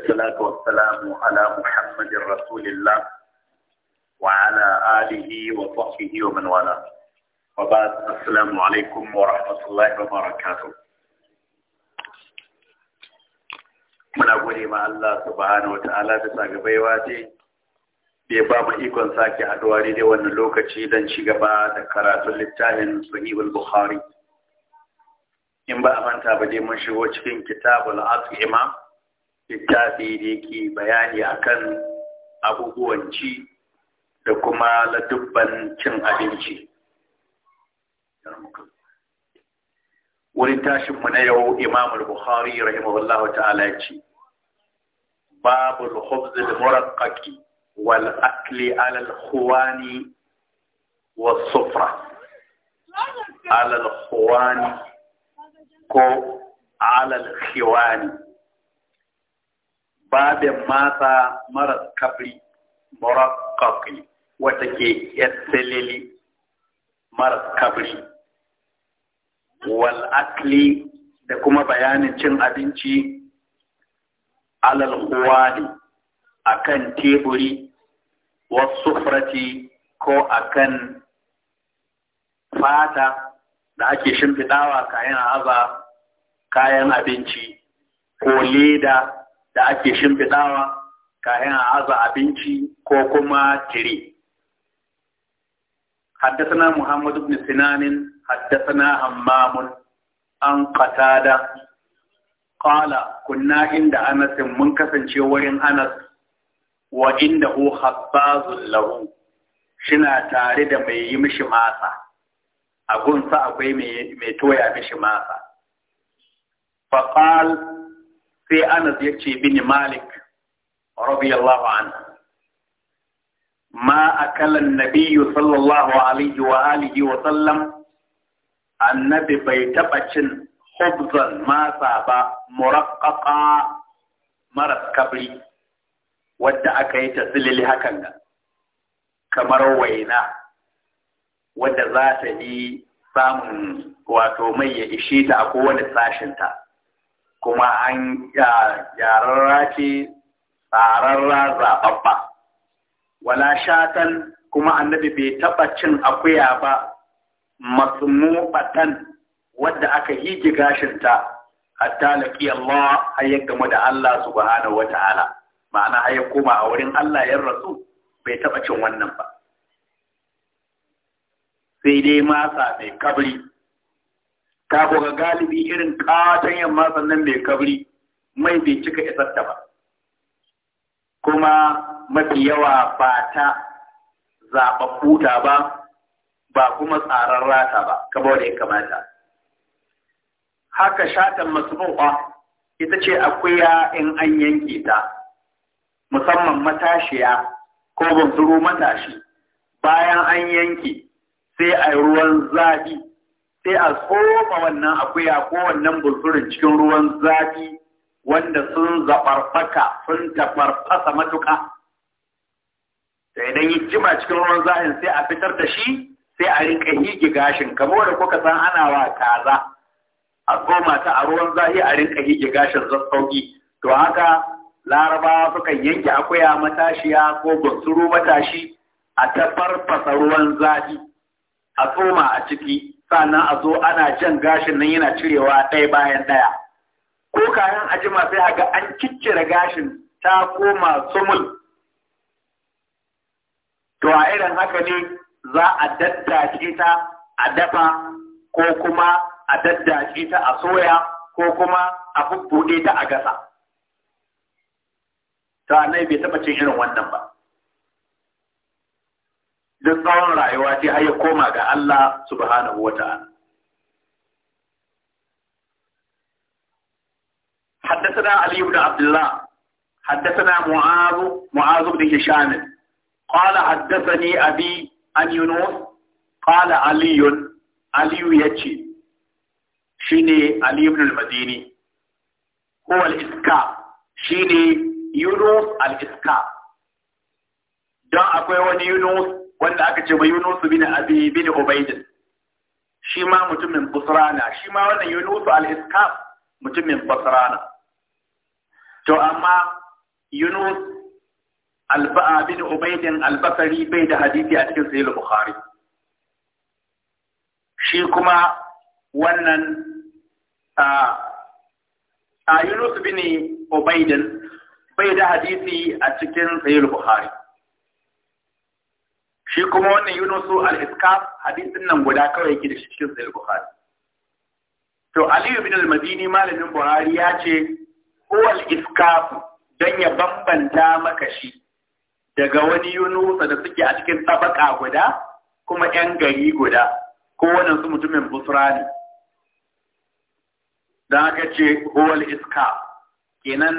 والصلاة والسلام على محمد رسول الله وعلى آله وصحبه ومن والاه وبعد السلام عليكم ورحمة الله وبركاته muna gode ma Allah subhanahu wataala bisa ga baiwa ce da ya ba mu ikon sake haduwa daidai wannan lokaci don ci gaba da karatun littafin sahihul bukhari in ba a manta ba dai mun shigo cikin kitabul at'ima littafi da yake bayani akan abubuwan ci da kuma ladubban cin abinci wurin tashinmu na yau imam bukhari rahimahullahu ta'ala ya ce babu al-khubz muraqqaqi wal akli ala al-khuwani sufra ala al ko ala al-khiwani babin mata maras kabri murakkaki wata ke yatsilili maras kabri walakli da kuma bayanin cin abinci alal a kan teburi wasu furati ko a kan fata da ake shimfiɗawa kayan haza kayan abinci ko leda da ake shimfiɗawa kayan a aza abinci ko kuma tire. Haddasana Muhammad ibn Sinanin haddasana hammamun an da. qala kunna inda Anasin mun kasance wurin Anas wa inda hu habbazul lahu shina tare da mai yi mishi masa a gunsa akwai mai toya mishi masa fa sai Anas ya ce bini Malik radiyallahu anhu ma a kalan nabiy sallallahu alaihi wa alihi wa sallam annabi bai taba cin khubzan masa ba muraqqaqa maras kabri wadda aka yi ta silili hakan nan kamar waina wadda za ta yi samun wato mai ya ishe ta a kowane sashinta kuma an gyararra ce tsararra zaɓaɓɓa. Wala shatan kuma annabi bai taɓa cin akuya ba Masu mubatan wadda aka hige gashinta hatta laƙi Allah har ya gamu da Allah subhanahu wa ta'ala ma'ana har ya koma a wurin Allah ya rasu bai taɓa cin wannan ba. Sai dai masa mai kabri ka ga galibi irin katon yamma sannan mai kabri mai bai cika isarta ba kuma mafi yawa ba ta zaɓaɓɓuta ba ba kuma tsarar rata ba kamar da ya kamata haka shatan masbu'a ita ce akuya in an yanke ta musamman matashiya ko bunsuru matashi bayan an yanke sai a yi ruwan zafi sai a tsoma wannan akuya ko wannan bulfurin cikin ruwan zafi wanda sun zaɓarɓaka sun tafarfasa matuka. Da idan yi jima cikin ruwan zahin sai a fitar da shi sai a rinka hige gashin kamar da kuka san ana wa kaza a tsoma ta a ruwan zahi a rinka hige gashin zassauki to haka laraba sukan yanke akuya matashiya ko gonsuru matashi a tafarfasa ruwan zafi a tsoma a ciki sannan a zo ana jan gashin nan yana cirewa ɗaya bayan ɗaya ko kayan a jima sai a ga an ciccire gashin ta koma sumul to a irin haka ne za a daddace ta a dafa ko kuma a daddace ta a soya ko kuma a bubbuɗe ta a gasa ta bai taɓa cin irin wannan ba duk tsawon rayuwa ce ya koma ga Allah subhanahu wa ta'ala حدثنا علي بن عبد الله حدثنا معاذ معاذ بن هشام قال حدثني أبي عن يونس قال علي علي يجي شيني علي بن المديني هو shi شيني يونس الإسكاء don akwai wani Yunus wanda aka ce ba Yunus bin Abi bin Ubayd shi ma mutumin Basrana shi ma wannan Yunus al-Iskab mutumin Basrana to amma Yunus al-Ba'a bin Ubayd al-Basri bai da hadisi a cikin Sahih Bukhari shi kuma wannan a Yunus bin Ubayd bai da hadisi a cikin Sahih Bukhari shi kuma wannan yunusu al-iskaf hadisin nan guda kawai yake da shi cikin sahih bukhari to aliyu ibn al-madini malamin buhari ya ce huwa al-iskaf dan ya bambanta maka shi daga wani yunusa da suke a cikin tabaka guda kuma yan gari guda ko wannan su mutumin busra ne dan aka ce huwa al-iskaf kenan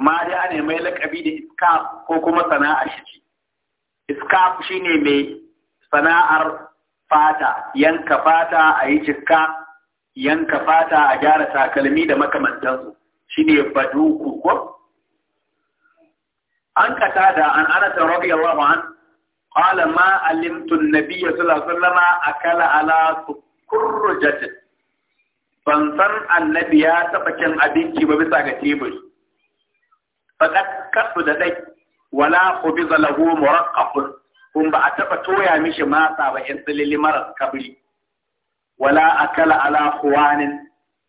ma da ne mai lakabi da iskaf ko kuma sana'a shi iskaf ne mai sana'ar fata yanka fata a yi cikka yanka fata a gyara takalmi da makamantansu ne badu ko an kata da an anas radiyallahu an qala ma alimtu an-nabiy sula alaihi a kala ala jatin ban san annabi ya taba cin abinci ba bisa ga teburi fakat kasu da dai wala qubiza lahu muraqqaqun kun ba a taba toya mishi masa ba yan tsilili maras kabri wala akala ala khuwanin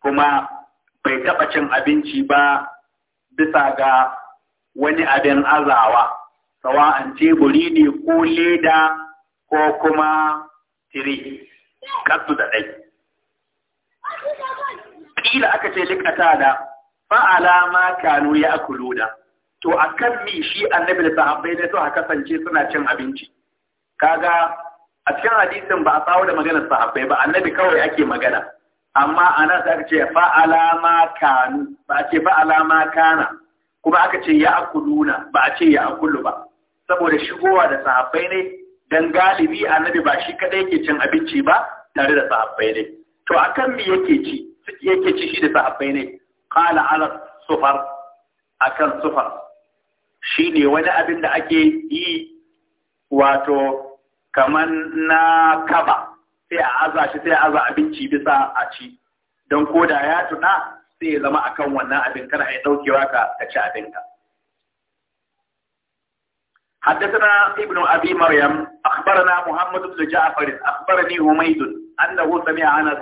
kuma bai taba cin abinci ba bisa ga wani abin azawa sawa, sawa'an teburi ne ko leda ko kuma tire kasu da dai ƙila aka ce likata da fa'ala ma kanu ya akulu to akan mi shi annabi da sahabbai ne to a kasance suna cin abinci kaga a cikin hadisin ba a tsawo da maganar sahabbai ba annabi kawai ake magana amma ana sai aka ce fa alama kanu ba a ce fa alama kana kuma aka ce ya akuluna ba a ce ya akulu ba saboda shigowa da sahabbai ne dan galibi annabi ba shi kadai yake cin abinci ba tare da sahabbai ne to akan mi yake ci yake ci shi da sahabbai ne qala ala sufar akan sufar shi ne wani abin da ake yi wato kaman na kaba sai a aza shi sai a aza abinci bisa a ci don ko da ya tuna sai ya zama akan wannan abin kana ya daukewa ka ka ci abinka حدثنا ابن أبي مريم أخبرنا محمد بن جعفر أخبرني هميد أنه سمع أنس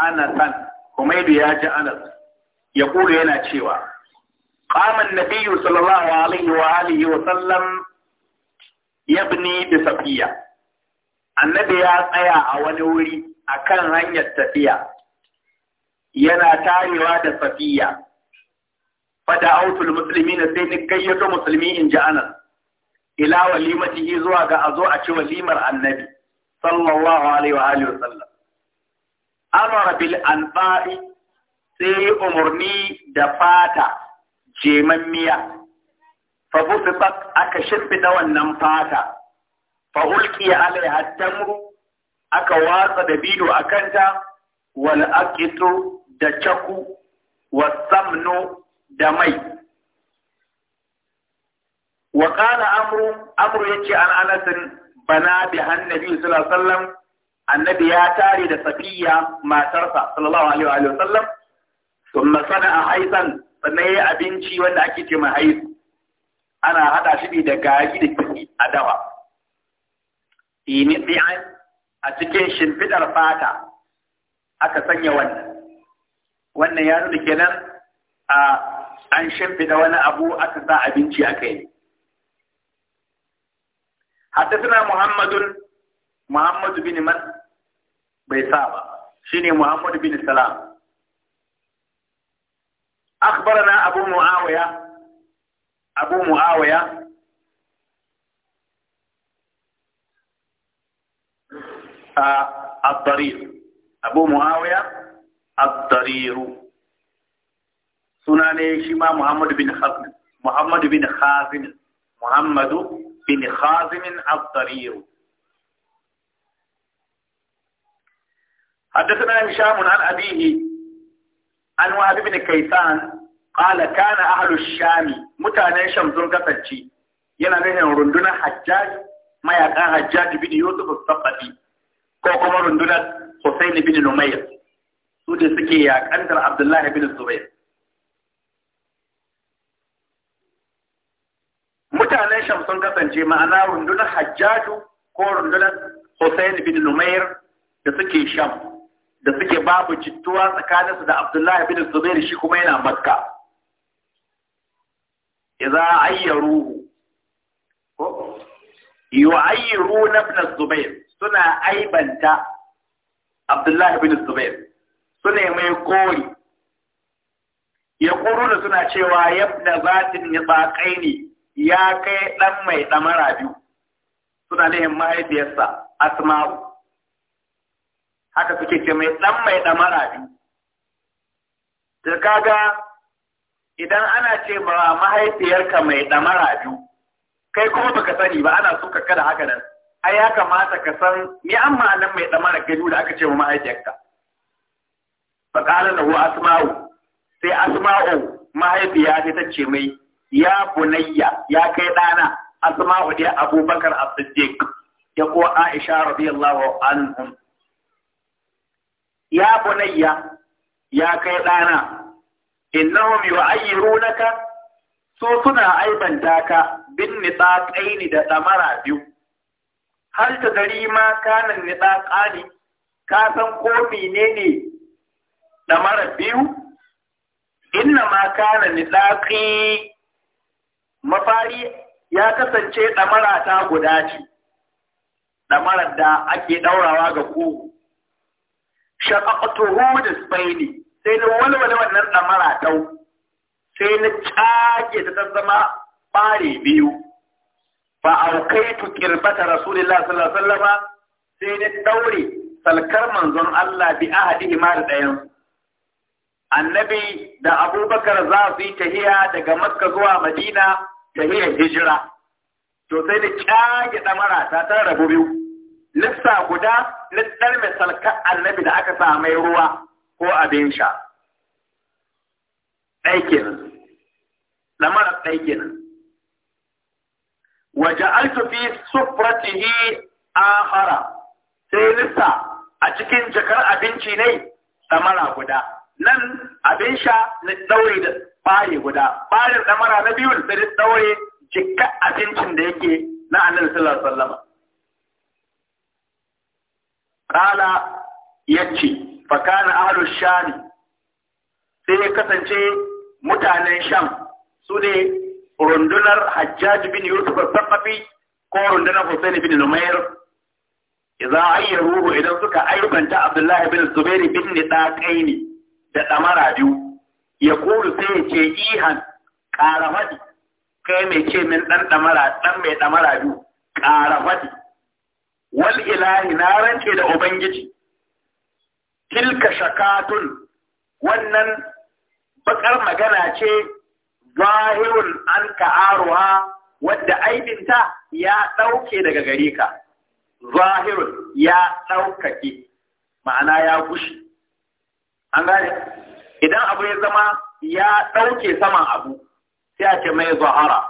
أنسا هميد يا أنس يقول هنا شيوا قام النبي صلى الله عليه وآله وسلم يبني بصفية annabi ya tsaya a wani wuri akan hanyar tafiya yana tarewa da safiya fada autul musulmi na sai ni gayyato musulmi in ji anan ila walimatihi zuwa ga a zo a ci walimar annabi wa amara bil anfa'i sai umarni da fata miya fa busifat aka shimfida wannan fata fa ulqiya alaiha tamru aka watsa dabino a kanta wal aqitu da caku wasamnu da mai wa qala amru amru yace an anas bana bi annabi sallallahu alaihi wasallam annabi ya tare da safiya matarsa sallallahu alaihi wa sallam thumma sana'a sannan ya yi abinci wanda ake ce mahaizu ana haɗa shi ne da gari da kifi a dawa ini an a cikin shimfiɗar fata aka sanya wannan wannan ya nuna kenan a an shimfiɗa wani abu aka sa abinci a aka yi Muhammadu bin man bai sa ba shine Muhammadu bin Salam. أخبرنا أبو معاوية أبو معاوية آه، الضرير أبو معاوية الضرير سناني شما محمد بن خازم محمد بن خازم محمد بن خازم الضرير حدثنا هشام عن أبيه an wa kai kaisan kala kana ahlu shami mutanen sham sun kasance yana nufin rundunar hajjaj mayakan hajjaj bin yusuf as ko kuma rundunar husayn bin numayr su da suke yakantar abdullahi bin zubair mutanen sham sun kasance ma'ana rundunar hajjaju ko rundunar husayn bin numayr da suke sham da suke babu jittuwa tsakaninsu da Abdullahi bin Zubair shi kuma yana Makka idza ayyaru ko yu'ayyiruna ibn Zubair suna aibanta Abdullahi bin Zubair suna mai kori ya da suna cewa yabna zatin ya ne ya kai dan mai damara biyu suna da nihin mahaifiyarsa Asma'u haka suke ce mai ɗan mai damara ne da kaga idan ana ce ba mahaifiyarka mai ɗamara biyu kai kuma baka sani ba ana so ka kada haka nan ai ya kamata ka san me an ma'anan mai ɗamara kai da aka ce wa mahaifiyarka fa qala lahu asma'u sai asma'u mahaifiya ta ce mai ya bunayya ya kai ɗana asma'u dai abubakar as-siddiq ya ko aisha radiyallahu anhum ya bunayya ya kai ɗana innahum yu'ayyirunaka So suna aibanta ka bin nitsaqaini da ɗamara biyu Har ta dari ma kanan nitsaqani ka san ko menene ɗamara biyu inna ma kana nitsaqi mafari ya kasance ɗamara ta guda ce ɗamarar da ake ɗaurawa ga kugu da ne sai na walwale wannan ɗamara ɗau. sai na cage ta zama ɓare biyu Ba fa aukaitu qirbata rasulillah sallallahu alaihi sai na daure salkar manzon Allah bi ahadihi ma da ɗayan annabi da abubakar za su yi tahiya daga makka zuwa madina tahiyar hijira to sai na cage ɗamara ta tara rabu biyu lissa guda na ɗar misalka annabi da aka sa mai ruwa ko abin sha Aikin, kenan da mara ɗai kenan waje altufi sufratihi ahara sai lissa a cikin jakar abinci ne mara guda nan abin sha na ɗaure da ɓare guda ɓarin mara na biyun da ɗaure jika abincin da yake na annabi sallallahu alaihi wasallam Kala ya ce, fakana ahalus shani sai ya kasance mutanen sham su ne rundunar hajjaji bin yusuf al ko rundunar husaini bin numair idza ruhu idan suka ayyukanta abdullahi bin zubair bin nidaqaini da damara biyu ya kuru sai ya ce ihan ƙara kai mai ce min ɗan ɗamara ɗan mai ɗamara biyu ƙara wal ilahi na rance da ubangiji tilka shakatun wannan bakar magana ce zahirun an ka'aruha wadda aibinta ya ɗauke daga gare ka zahirun ya ɗaukake ma'ana ya gushi an gane idan abu ya zama ya ɗauke saman abu sai a ce mai zahara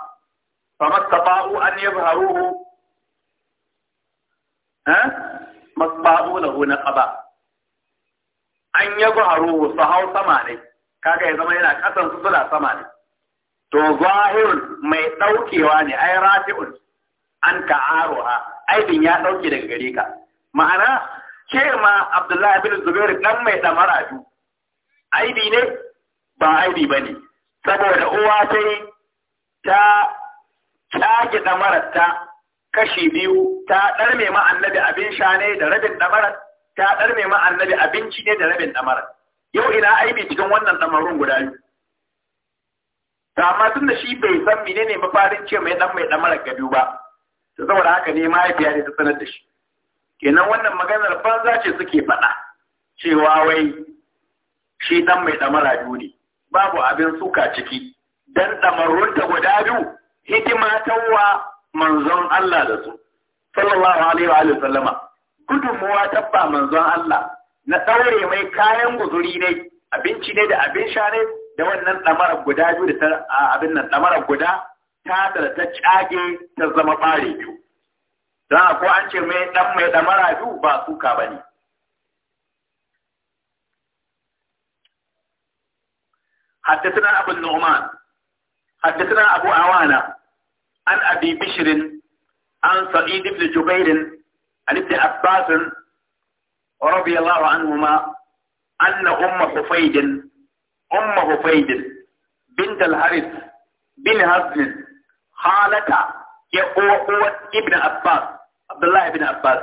fa an yadhharuhu masba'u lahu na qaba an yi haruhu su hau sama ne kaga ya zama yana kasan su suna sama ne to zahirun mai ɗaukewa ne ai rafi'un an ka'aruha aibin ya ɗauke daga gare ka ma'ana ce ma Abdullahi bin Zubair dan mai damara ju aibi ne ba aibi bane saboda uwa ta ta kyage ta. kashi biyu ta ɗarme ma annabi abin sha ne da rabin ɗamara ta ɗarme ma annabi abinci ne da rabin ɗamara yau ina aibi cikin wannan ɗamarun guda biyu ta amma tun da shi bai san mine ne mafarin ce mai ɗan mai ɗamara ga biyu ba ta saboda haka ne mahaifiya ne ta sanar da shi kenan wannan maganar banza ce suke faɗa cewa wai shi ɗan mai ɗamara biyu ne babu abin suka ciki dan ɗamarunta guda biyu hikima tawa manzon Allah da su sallallahu alaihi wa sallama gudunmuwa tabba manzon Allah na ɗaure mai kayan guzuri ne abinci ne da abin sha ne da wannan ɗamarar guda biyu da ta abin nan ɗamarar guda ta da ta cage ta zama ɓare biyu don ko an ce mai ɗan mai ɗamara biyu ba suka ba ne حدثنا abu النعمان حدثنا أبو عوانة an abi bishirin an sa'id ibn jubairin an ibn abbas radiyallahu anhuma anna umma hufayd umma hufayd bint al bin hazm halata ya uwa ibn abbas abdullahi ibn abbas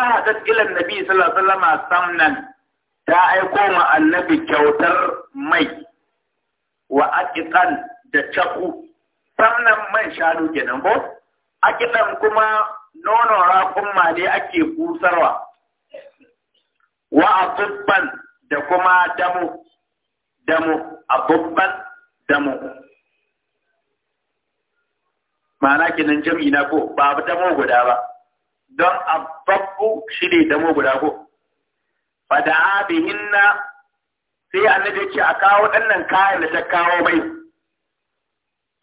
ahadat ila nabi sallallahu alaihi wasallam ta aiko ma annabi kyautar mai wa aqiqan da chaku sannan man shanu kenan ko a kiɗan kuma nonon raƙumma ne ake busarwa wa abubban da kuma damu damu abubban damu ma'ana kenan jam'i na ko ba damu guda ba don ababbu shi ne damu guda ko fada bihinna sai annabi ce a kawo dannan kayan da ta kawo mai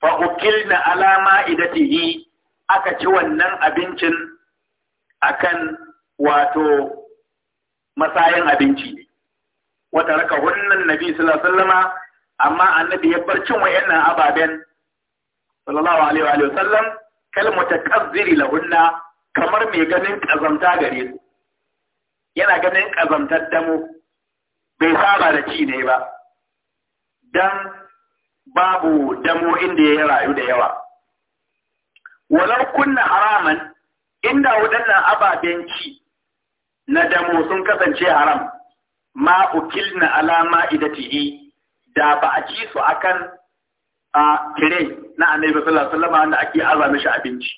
fa ukilna ala ma'idatihi aka ci wannan abincin akan wato masayan abinci ne raka hunnan nabi sallallahu alaihi wasallama amma annabi ya bar cin wayannan ababen sallallahu alaihi wa wasallam kal mutakazziri lahunna kamar mai ganin kazamta gare su yana ganin kazamtar damo bai saba da ci ne ba dan babu damo inda ya rayu da yawa walau kunna haraman inda waɗannan ababen ci na damo sun kasance haram ma na alama idatihi da ba a ci su akan a tire na annabi sallallahu alaihi wanda ake arza mishi abinci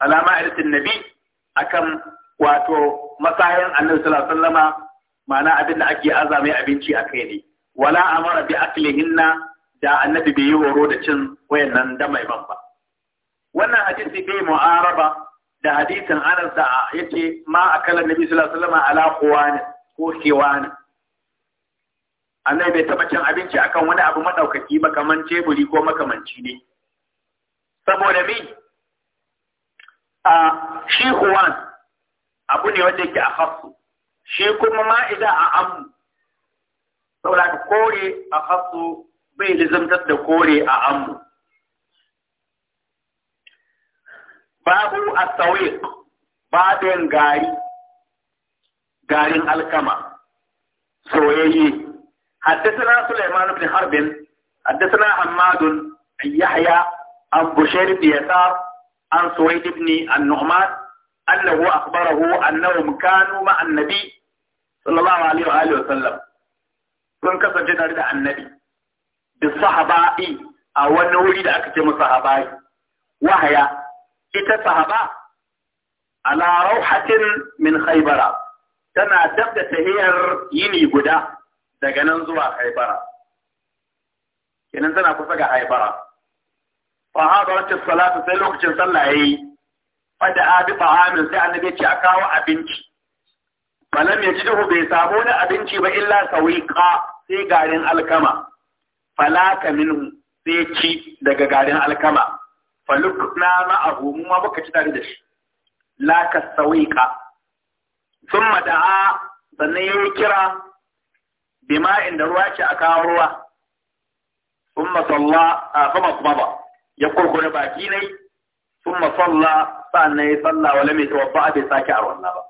alama idatin nabi akan wato masayan annabi sallallahu alaihi ma'ana abin da ake arza mai abinci a kai ne wala amara bi aklihinna da annabi bai yi horo da cin wayannan damaiman ba wannan hadisi bai mu'araba da hadisin Anas da yace ma akala nabi sallallahu alaihi wasallam ala quwan ko kiwani annabi bai taba cin abinci akan wani abu madaukaki ba kaman teburi ko makamanci ne saboda mi a shi kuwan abu ne wanda yake a hafsu shi kuma ma idan a amu saboda ka kore a hasu bai lizamtar da kore a ammu babu a tsawiq babin gari garin alkama soyayye حدثنا سليمان بن حرب حدثنا حماد عن يحيى عن بشير بن يسار عن سويد بن النعمان أنه أخبره أنهم كانوا مع النبي صلى الله عليه وآله وسلم sun kasance tare da annabi da sahaba'i a wani wuri da aka ce masa sahaba'i wahaya ita sahaba ala rauhatin min khaybara tana dab da tahiyar yini guda daga nan zuwa haibara kenan tana kusa ga haibara fa salatu sai lokacin sallah yayi fa da abi ta'amin sai annabi ya ce a kawo abinci falam ya ci duhu bai samu wani abinci ba illa sawiqa sai garin alkama falaka minhu sai ci daga garin alkama falukna ma'ahu mu ma muka ci tare da shi la ka sawiqa thumma da'a sannan yayi kira bima'in da ruwa ce a kawo ruwa thumma salla fama kuma ba ya kurkure baki ne thumma salla sannan ya salla wala mai tawabba bai sake a wannan ba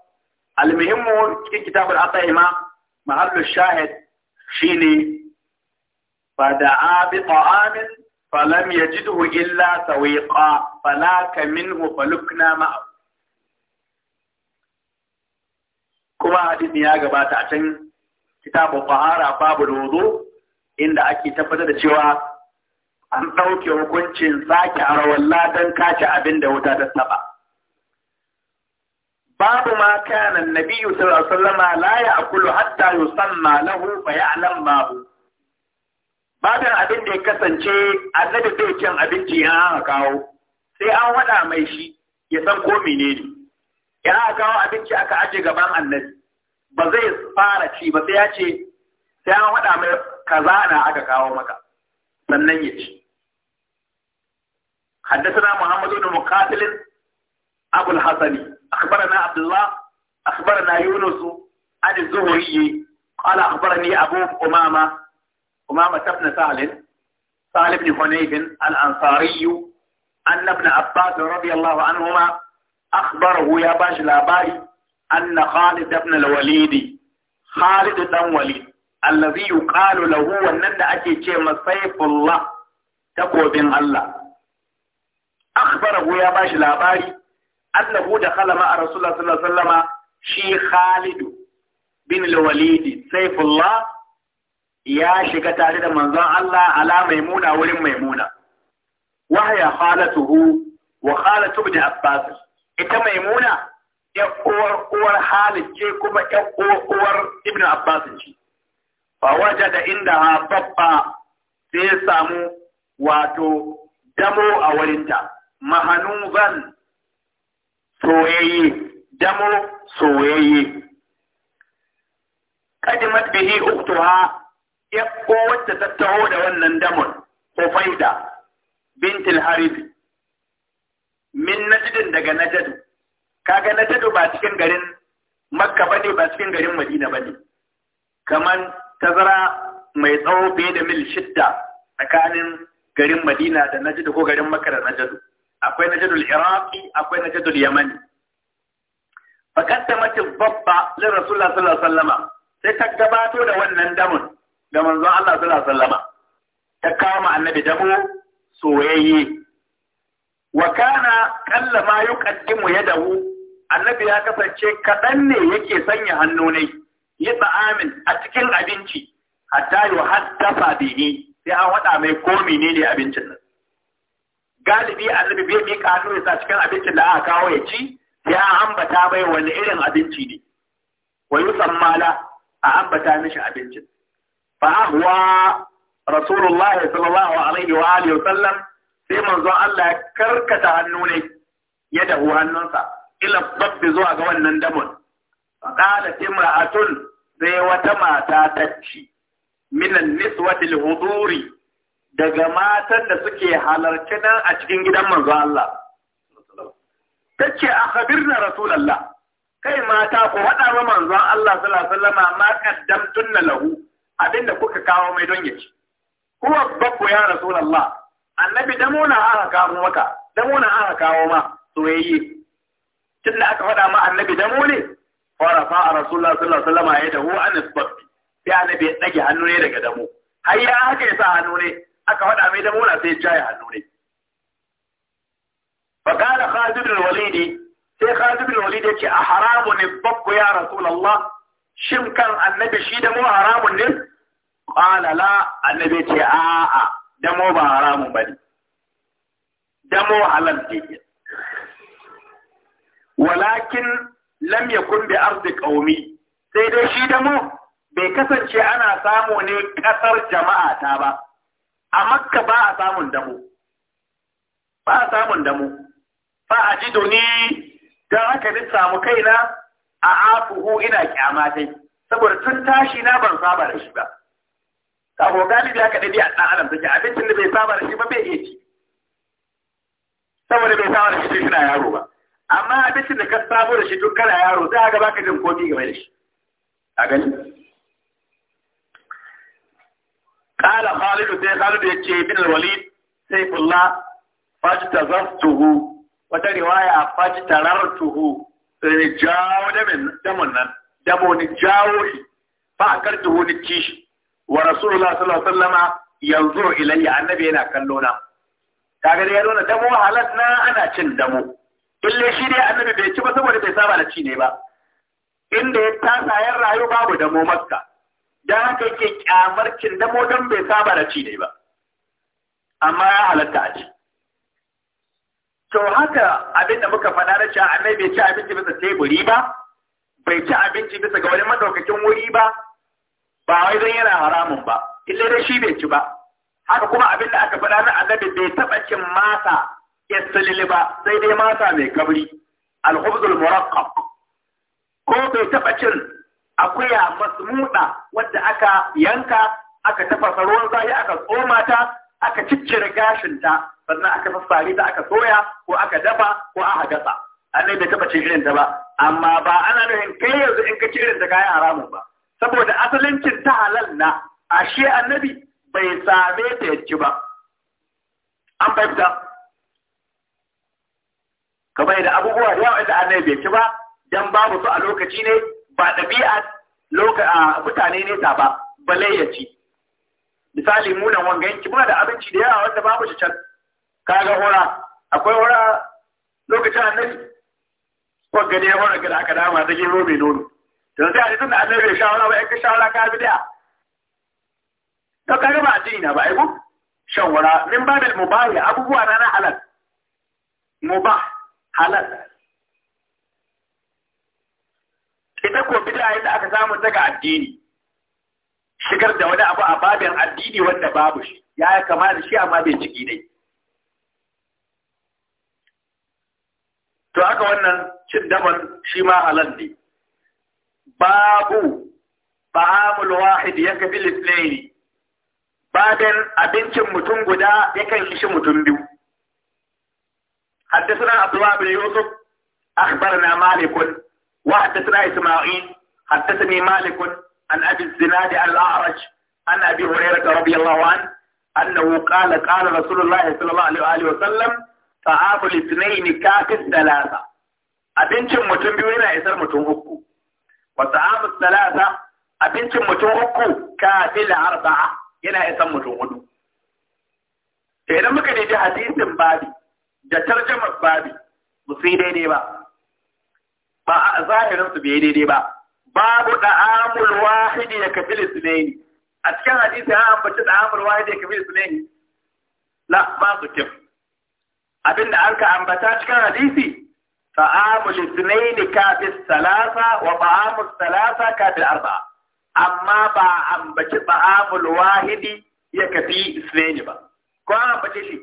almuhimmu cikin kitabul atayma mahallu shahid shine fada'a bi ta'amin falam yajidhu illa sawiqa falaka minhu falukna ma'a kuma hadisi ya gabata a can kitabu fahara babu wudu inda ake tabbatar da cewa an ɗauke hukuncin sake a rawar ladan kace abin wuta ta saba babu ma kana annabi sallallahu alaihi wasallam la ya'kulu hatta yusamma lahu fa ya'lam ma hu babin abin da ya kasance annabi bai cin abinci ya an kawo sai an wada mai shi ya san ko menene ya aka kawo abinci aka aje gaban annabi ba zai fara ci ba sai ya ce sai an wada mai kaza na aka kawo maka sannan ya ci حدثنا محمد بن مقاتل أبو الحسن أخبرنا عبد الله أخبرنا يونس عن الزهري قال أخبرني أبو أمامة أمامة بن سالم سالم بن حنيف الأنصاري أن ابن عباس رضي الله عنهما أخبره يا باش لاباري أن خالد بن الوليد خالد بن وليد الذي يقال له ونن أكي سيف الله تقوى بن الله أخبره يا باش لاباري annahu da khalama a rasulullah sallallahu shi Khalidu bin al-Walid Saifullah ya shiga tare da manzon Allah ala Maimuna wurin Maimuna wahya khalatuhu wa khalatu ibn Abbas ita Maimuna ya uwar uwar Khalid ce kuma ya uwar uwar Ibn Abbas ce fa da inda babba sai samu wato damo a wurinta mahanuzan soyayye damo soyayye kadimat bihi uktuha ya ko wacce ta taho da wannan damon ko faida bintil harifi min najdin daga najadu kaga najadu ba cikin garin makka bane ba cikin garin madina bane kaman tazara mai tsawo fiye da mil shidda tsakanin garin madina da najd ko garin makka da najadu akwai na jadul iraki akwai na jadul yamani فقدمت الضب لرسول الله صلى الله عليه sai ta gabato da wannan damun ga manzon Allah sallallahu alaihi wasallam ta kama annabi damu soyayye wa kana kalla ma yuqaddimu yadahu annabi ya kasance kadan ne yake sanya hannu ne yi ta'amin a cikin abinci hatta yuhaddafa bihi sai an wada mai ne ne abincin nan galibi annabi bai miƙa hannu ya sa cikin abincin da aka kawo ya ci ya ambata bai wani irin abinci ne wa yusamma la a ambata mishi abincin fa ahwa rasulullah sallallahu alaihi wa alihi wasallam sai manzon Allah ya karkata hannu ne ya dahu hannunsa ila babbi zuwa ga wannan damon fa qala timra'atun sai wata mata ci. minan niswati al-huduri daga matan da suke halarci nan a cikin gidan manzo Allah tace khabirna rasulullah kai mata ku faɗa wa manzo Allah sallallahu alaihi wasallam ma qaddamtunna lahu abinda kuka kawo mai don yaci huwa babbu ya rasulullah annabi damuna aka kawo maka damuna aka kawo ma soyayye tun da aka faɗa ma annabi damo ne farafa a rasulullah sallallahu alaihi wasallam ya dahu an isbabbi sai annabi ya dage hannu ne daga damo har ya haka ya sa hannu ne aka faɗa mai da muna sai ya hannu ne fa kana Khalid bin Walid sai Khalid bin Walid yake a haramun ne bakku ya Rasulullah shin kan annabi shi da mu haramun ne qala la annabi ce a a da mu ba haramun bane da mu halal ne walakin lam yakun bi ardi qaumi sai dai shi da mu bai kasance ana samu ne kasar jama'a ta ba a makka ba a samun damo ba a samun damo fa a ji doni don haka ni samu kaina a afuhu ina kyama dai saboda tun tashi na ban saba da shi ba sabo galibi haka dai a ɗan adam take abincin da bai saba da shi ba bai iya ci saboda bai saba da shi tun kana yaro ba amma abincin da ka samu da shi tun kana yaro zai a ga baka jin komi game da shi a gani قال خالد سي خالد يكي بن الوليد سيف الله فاجتزفته wata riwaya fajtarartuhu sai jawo damin damon nan damo ni jawo shi fa akartuhu ni kishi wa rasulullah sallallahu yanzu ilayya annabi yana kallo na kaga dai ya nuna damo halat na ana cin damo ille shi dai annabi bai ci ba saboda bai saba da ci ne ba inda ya tasa yan rayu babu damo makka da haka yake kyamar da modan bai saba da ci ne ba amma ya halatta a ci to haka abin da muka faɗa na cewa annai bai ci abinci bisa teburi ba bai ci abinci bisa ga wani madaukakin wuri ba ba wai zan yana haramun ba illa dai shi bai ci ba haka kuma abin da aka faɗa na annabi bai taba cin masa yasalili ba sai dai masa mai kabri alhubzul murakkab ko bai taba cin akuya masmuda wadda aka yanka aka tafasa ruwan zafi aka tsoma ta aka ciccire gashin ta sannan aka fassare ta aka soya ko aka dafa ko aka gasa annai bai taba cikin irin ta ba amma ba ana nufin kai yanzu in ka ci irin ta kayan haramun ba saboda asalincin ta halal na ashe annabi bai same ta ya ba an fahimta kamar da abubuwa da yawa da annabi bai ci ba dan babu su a lokaci ne ba ɗabi'a mutane ne ta ba balai ya ci misali wanga yanki muna da abinci da yawa wanda babu shi can kaga hura akwai hura lokacin annabi wanga ne hura ga aka dama da gero mai nono to sai a tun da annabi ya shawara ba yanka shawara ka bi da to kaga ba addini na ba aiko? Shan shawara min da mubaya abubuwa na na halal mubah halal ita ko bid'a yadda aka samu daga addini shigar da wani abu a babin addini wanda babu shi ya ya kama da shi amma bai ciki dai to haka wannan cin daban shi ma halal ne babu ta'amul wahid kafi lisnaini babin abincin mutum guda ya yakan shi mutum biyu حدثنا عبد الله بن يوسف أخبرنا مالك وحدثنا إسماعيل حدثني مالك عن أبي الزناد عن الأعرج عن أبي هريرة رضي الله عنه أنه قال قال رسول الله صلى الله عليه وآله وسلم طعام الاثنين كافي الثلاثة abincin mutum biyu yana isar mutum uku wa ta'amu salasa abincin mutum uku kafil arba'a yana isar mutum hudu to idan muka daidai hadisin babi da tarjamar babi ba su yi daidai ba ba a zahirin su bai daidai ba babu da'amul wahidi ya kafil sunaini a cikin hadisi ya ambaci da'amul wahidi ya kafil sunaini la ba su kif abinda an ka ambata cikin hadisi ta'amul sunaini kafil salasa wa ta'amul salasa kafil arba'a amma ba ambaci ta'amul wahidi ya kafi sunaini ba ko an ambace shi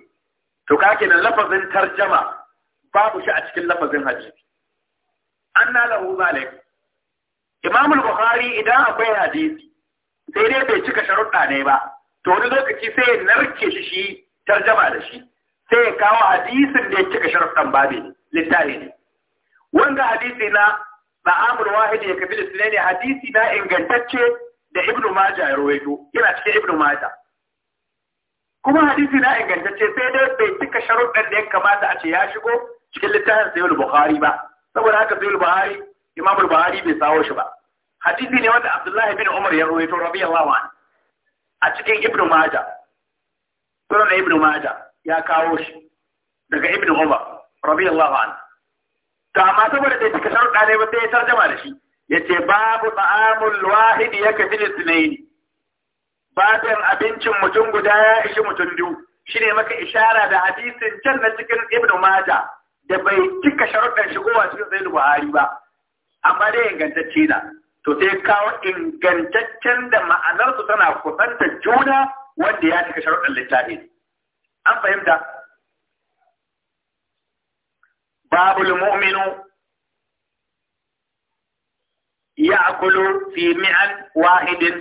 to kake da lafazin tarjama babu shi a cikin lafazin hadisi anna lahu zalik Imam al-Bukhari idan akwai hadisi sai dai bai cika sharuɗa ne ba to wani lokaci sai ya narke shi shi tarjama da shi sai ya kawo hadisin da ya cika sharuɗan babe littafi ne wanda hadisi na ma'amul Wahidi ya kafi da ne hadisi na ingantacce da Ibn Majah ya rawaito yana cikin Ibn Majah kuma hadisi na ingantacce sai dai bai cika sharuɗan da ya kamata a ce ya shigo cikin littafin Sayyid Bukhari ba saboda haka sai buhari imamul buhari bai sawo shi ba hadisi ne wanda abdullahi bin umar ya rawaito radiyallahu anhu a cikin ibnu majah sunan ibnu majah ya kawo shi daga ibnu umar radiyallahu anhu to amma saboda da cika sharuɗa ne ba sai ya tarjama da shi yace babu ta'amul wahid yakfil ithnaini fatan abincin mutum guda ya ishi mutum biyu shine maka ishara da hadisin can na cikin ibnu Majah da bai cika sharuɗan wasu cikin zai da Buhari ba amma dai ingantacce na to sai kawo ingantaccen da ma'anarsu tana kusanta juna wanda ya cika sharuɗan littafi an fahimta babul mu'minu akulu fi mi'an wahidin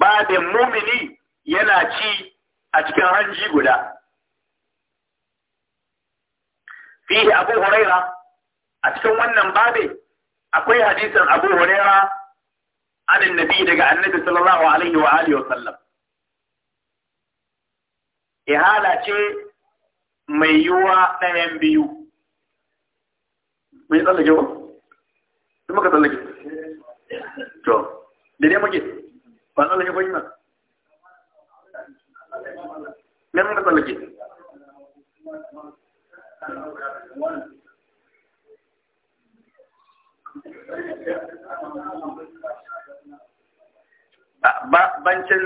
babin mu'mini yana ci a cikin hanji guda fihi abu huraira a cikin wannan babe akwai hadisin abu huraira anin nabi daga annabi sallallahu alaihi wa alihi wa sallam ihala ce mai yiwuwa ɗayan biyu mai tsallake wa? Duk muka tsallake. To, da dai muke, ba tsallake ba yi nan. Me muka tsallake? bancin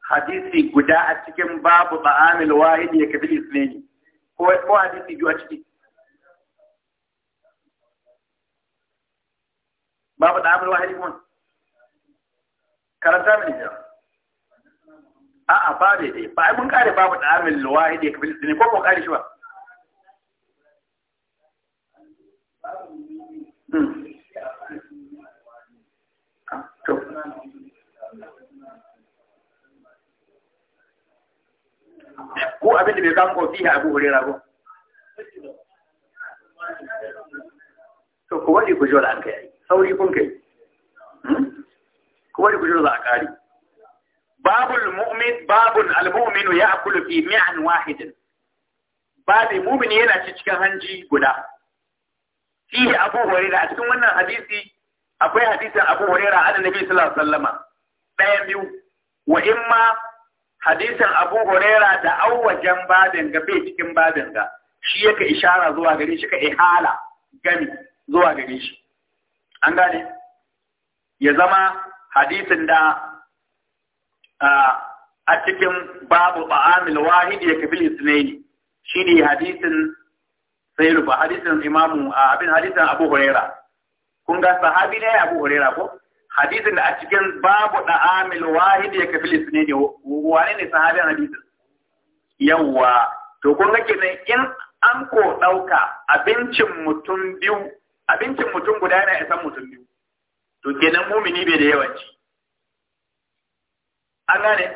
hadisi guda a cikin babu ba'amil wahid ya kafi isneni ko ko hadisi biyu a ciki babu ba'amil wahid kuma karanta mini da a'a ba da dai ba mun kare babu ba'amil wahid ya kafi isneni ko ko kare shi ba Hmm. ko abin da bai kama kofi a abu hurera ba to ko wani ku jola an kai sauri kun kai hmm. ko wani ku jola a kari babul mu'min babun al-mu'minu ya kulufi mi'an wahidin babu mu'min yana cikin hanji guda fihi abu hurairah a cikin wannan hadisi akwai hadisin abu hurairah an nabi sallallahu alaihi wasallama ɗaya biyu wa ma hadisin abu hurairah da auwajen babin ga bai cikin babin ga shi yaka ishara zuwa gare shi ka ihala gani zuwa gare shi an gane ya zama hadisin da a cikin babu ba'amil wahidi ya kabil isnaini shine hadisin sai rufa hadisin imamu abin hadisin abu huraira kun ga sahabi ne abu huraira ko hadisin da a cikin babu da amil wahid ya kafi sunni ne wani ne sahabin hadisin yawa to kun ga kenan in an ko dauka abincin mutum biyu abincin mutum guda yana isan mutum biyu to kenan mumini bai da yawanci an gane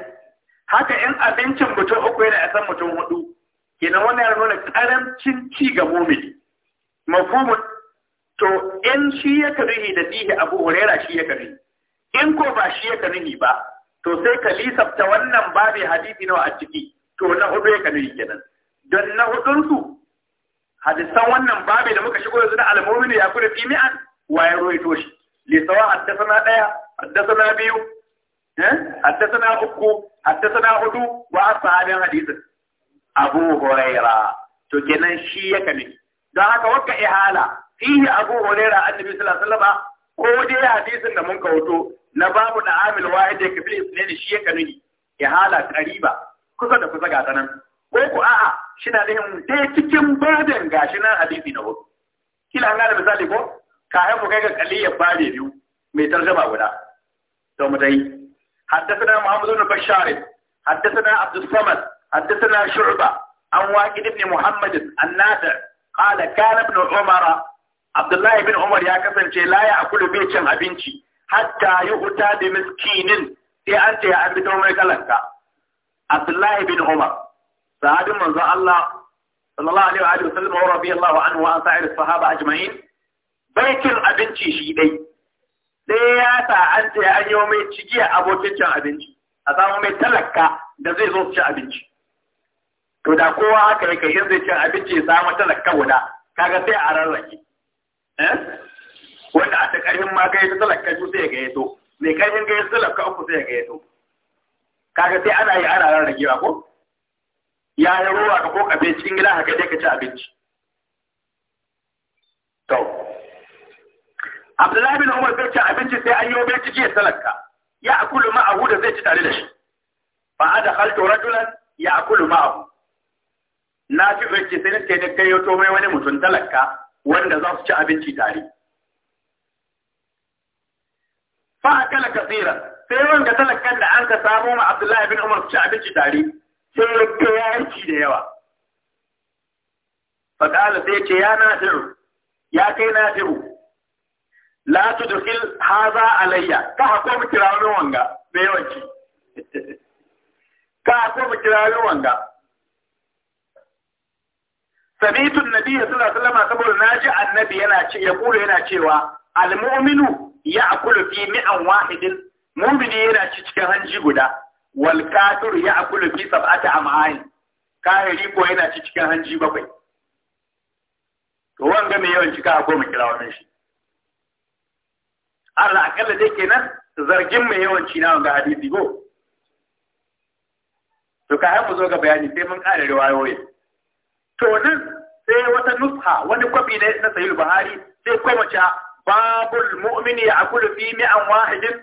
haka in abincin mutum uku yana isan mutum hudu kenan wannan yana nuna karancin ci ga mumini mafhumu to in shi ya karihi da dihi abu huraira shi ya karihi in ko ba shi ya karihi ba to sai ka lisafta wannan babu hadisi nawa a ciki to na hudu ya karihi kenan don na hudun su hadisan wannan babu da muka shigo yanzu na al ya kula fi mi'an wa ya ruwaito shi li sawa haddathana daya haddathana biyu eh haddathana uku haddathana hudu wa ashabin hadisin Abu Huraira to kenan shi ya kame don haka waka ihala fihi Abu Huraira annabi sallallahu alaihi wasallam ko dai hadisin da mun ka kawo na babu da amil wahid da kafil isnani shi ya kame ihala qariba kusa da kusa ga tanan ko ku a'a shi na nihin dai cikin badan gashi nan hadisi na hudu kila an gane misali ko kayan mu kai ga kaliyar babe biyu mai tarjama guda to mu dai حدثنا محمد بن بشار حدثنا عبد الصمد حدثنا شعبة عن واكد بن محمد النافع قال كان ابن عمر عبد الله بن عمر يا كسنتي لا يأكل بيتشن أبنتي حتى يؤتى بمسكين sai an ce an fito mai kalanka Abdullahi bin Umar sahabin manzo Allah sallallahu alaihi wa alihi wasallam wa radiyallahu anhu wa sa'ir sahaba ajma'in baikin abinci shi dai sai ya sa an ce an yi mai cigiya abokin cin abinci a samu mai talaka da zai zo ci abinci to da kowa haka yake in zai ci abinci ya samu talaka guda kaga sai a rarrake eh? wanda a ta karfin ma kai ta talaka su sai ya yato mai karfin gayyato talaka uku sai ya yato kaga sai ana yi ana ba ko ya yi ruwa ka ko kafe cikin gida haka dai ka ci abinci to Abdullahi bin Umar zai ci abinci sai an yi bai ciki ya talaka ya akulu ma'ahu da zai ci tare da shi fa adkhaltu rajulan ya akulu ma'ahu na fi zarce sai nake kai kai yato mai wani mutum talaka wanda za su ci abinci tare fa akala tsira, sai wanda talakan da an ka samu ma Abdullahi bin Umar su ci abinci tare sai ya ga yanki da yawa fa kala sai ce ya nasiru ya kai nasiru la dukil hadha alayya ka hako mu kira wani wanga bai yawanci ka hako mu kira wani wanga sabitu nabi sallallahu alaihi saboda naji annabi yana ce ya kula yana cewa almu'minu ya'kulu fi mi'an wahidin mu'mini yana ci cikin hanji guda wal kafir ya'kulu fi sab'ati am'ain kahiri ko yana ci cikin hanji bakwai to wanga me yawan cika a goma kira wannan shi Allah akalla dai kenan zargin mai yawanci na wanga hadisi go to ka mu zo ga bayani sai mun kare riwayoyi to nan sai wata nusha wani kwafi na na sahih buhari sai kwamata babul mu'mini ya akulu fi mi'an wahidin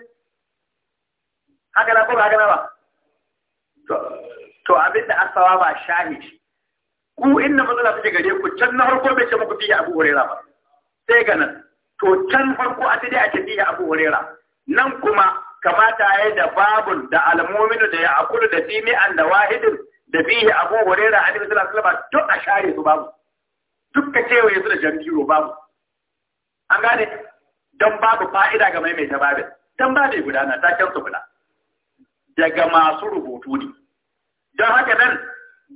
haka na ko ba haka na ba to abinda asawa ba shahidi ku inna matsala take gare ku can na farko bai ce muku ya abu hurera ba sai ga nan to can farko a ta a ce fiye abu hurera nan kuma kamata ya da babun da almominu da ya akulu da fi mi'an da wahidin da fihi abu hurairah annabi sallallahu alaihi wasallam duk a share su babu duk ka cewa yanzu da jam'iro babu an gane don babu fa'ida ga maimaita babu, don ba mai gudana ta kyan su guda daga masu rubutu ne don haka nan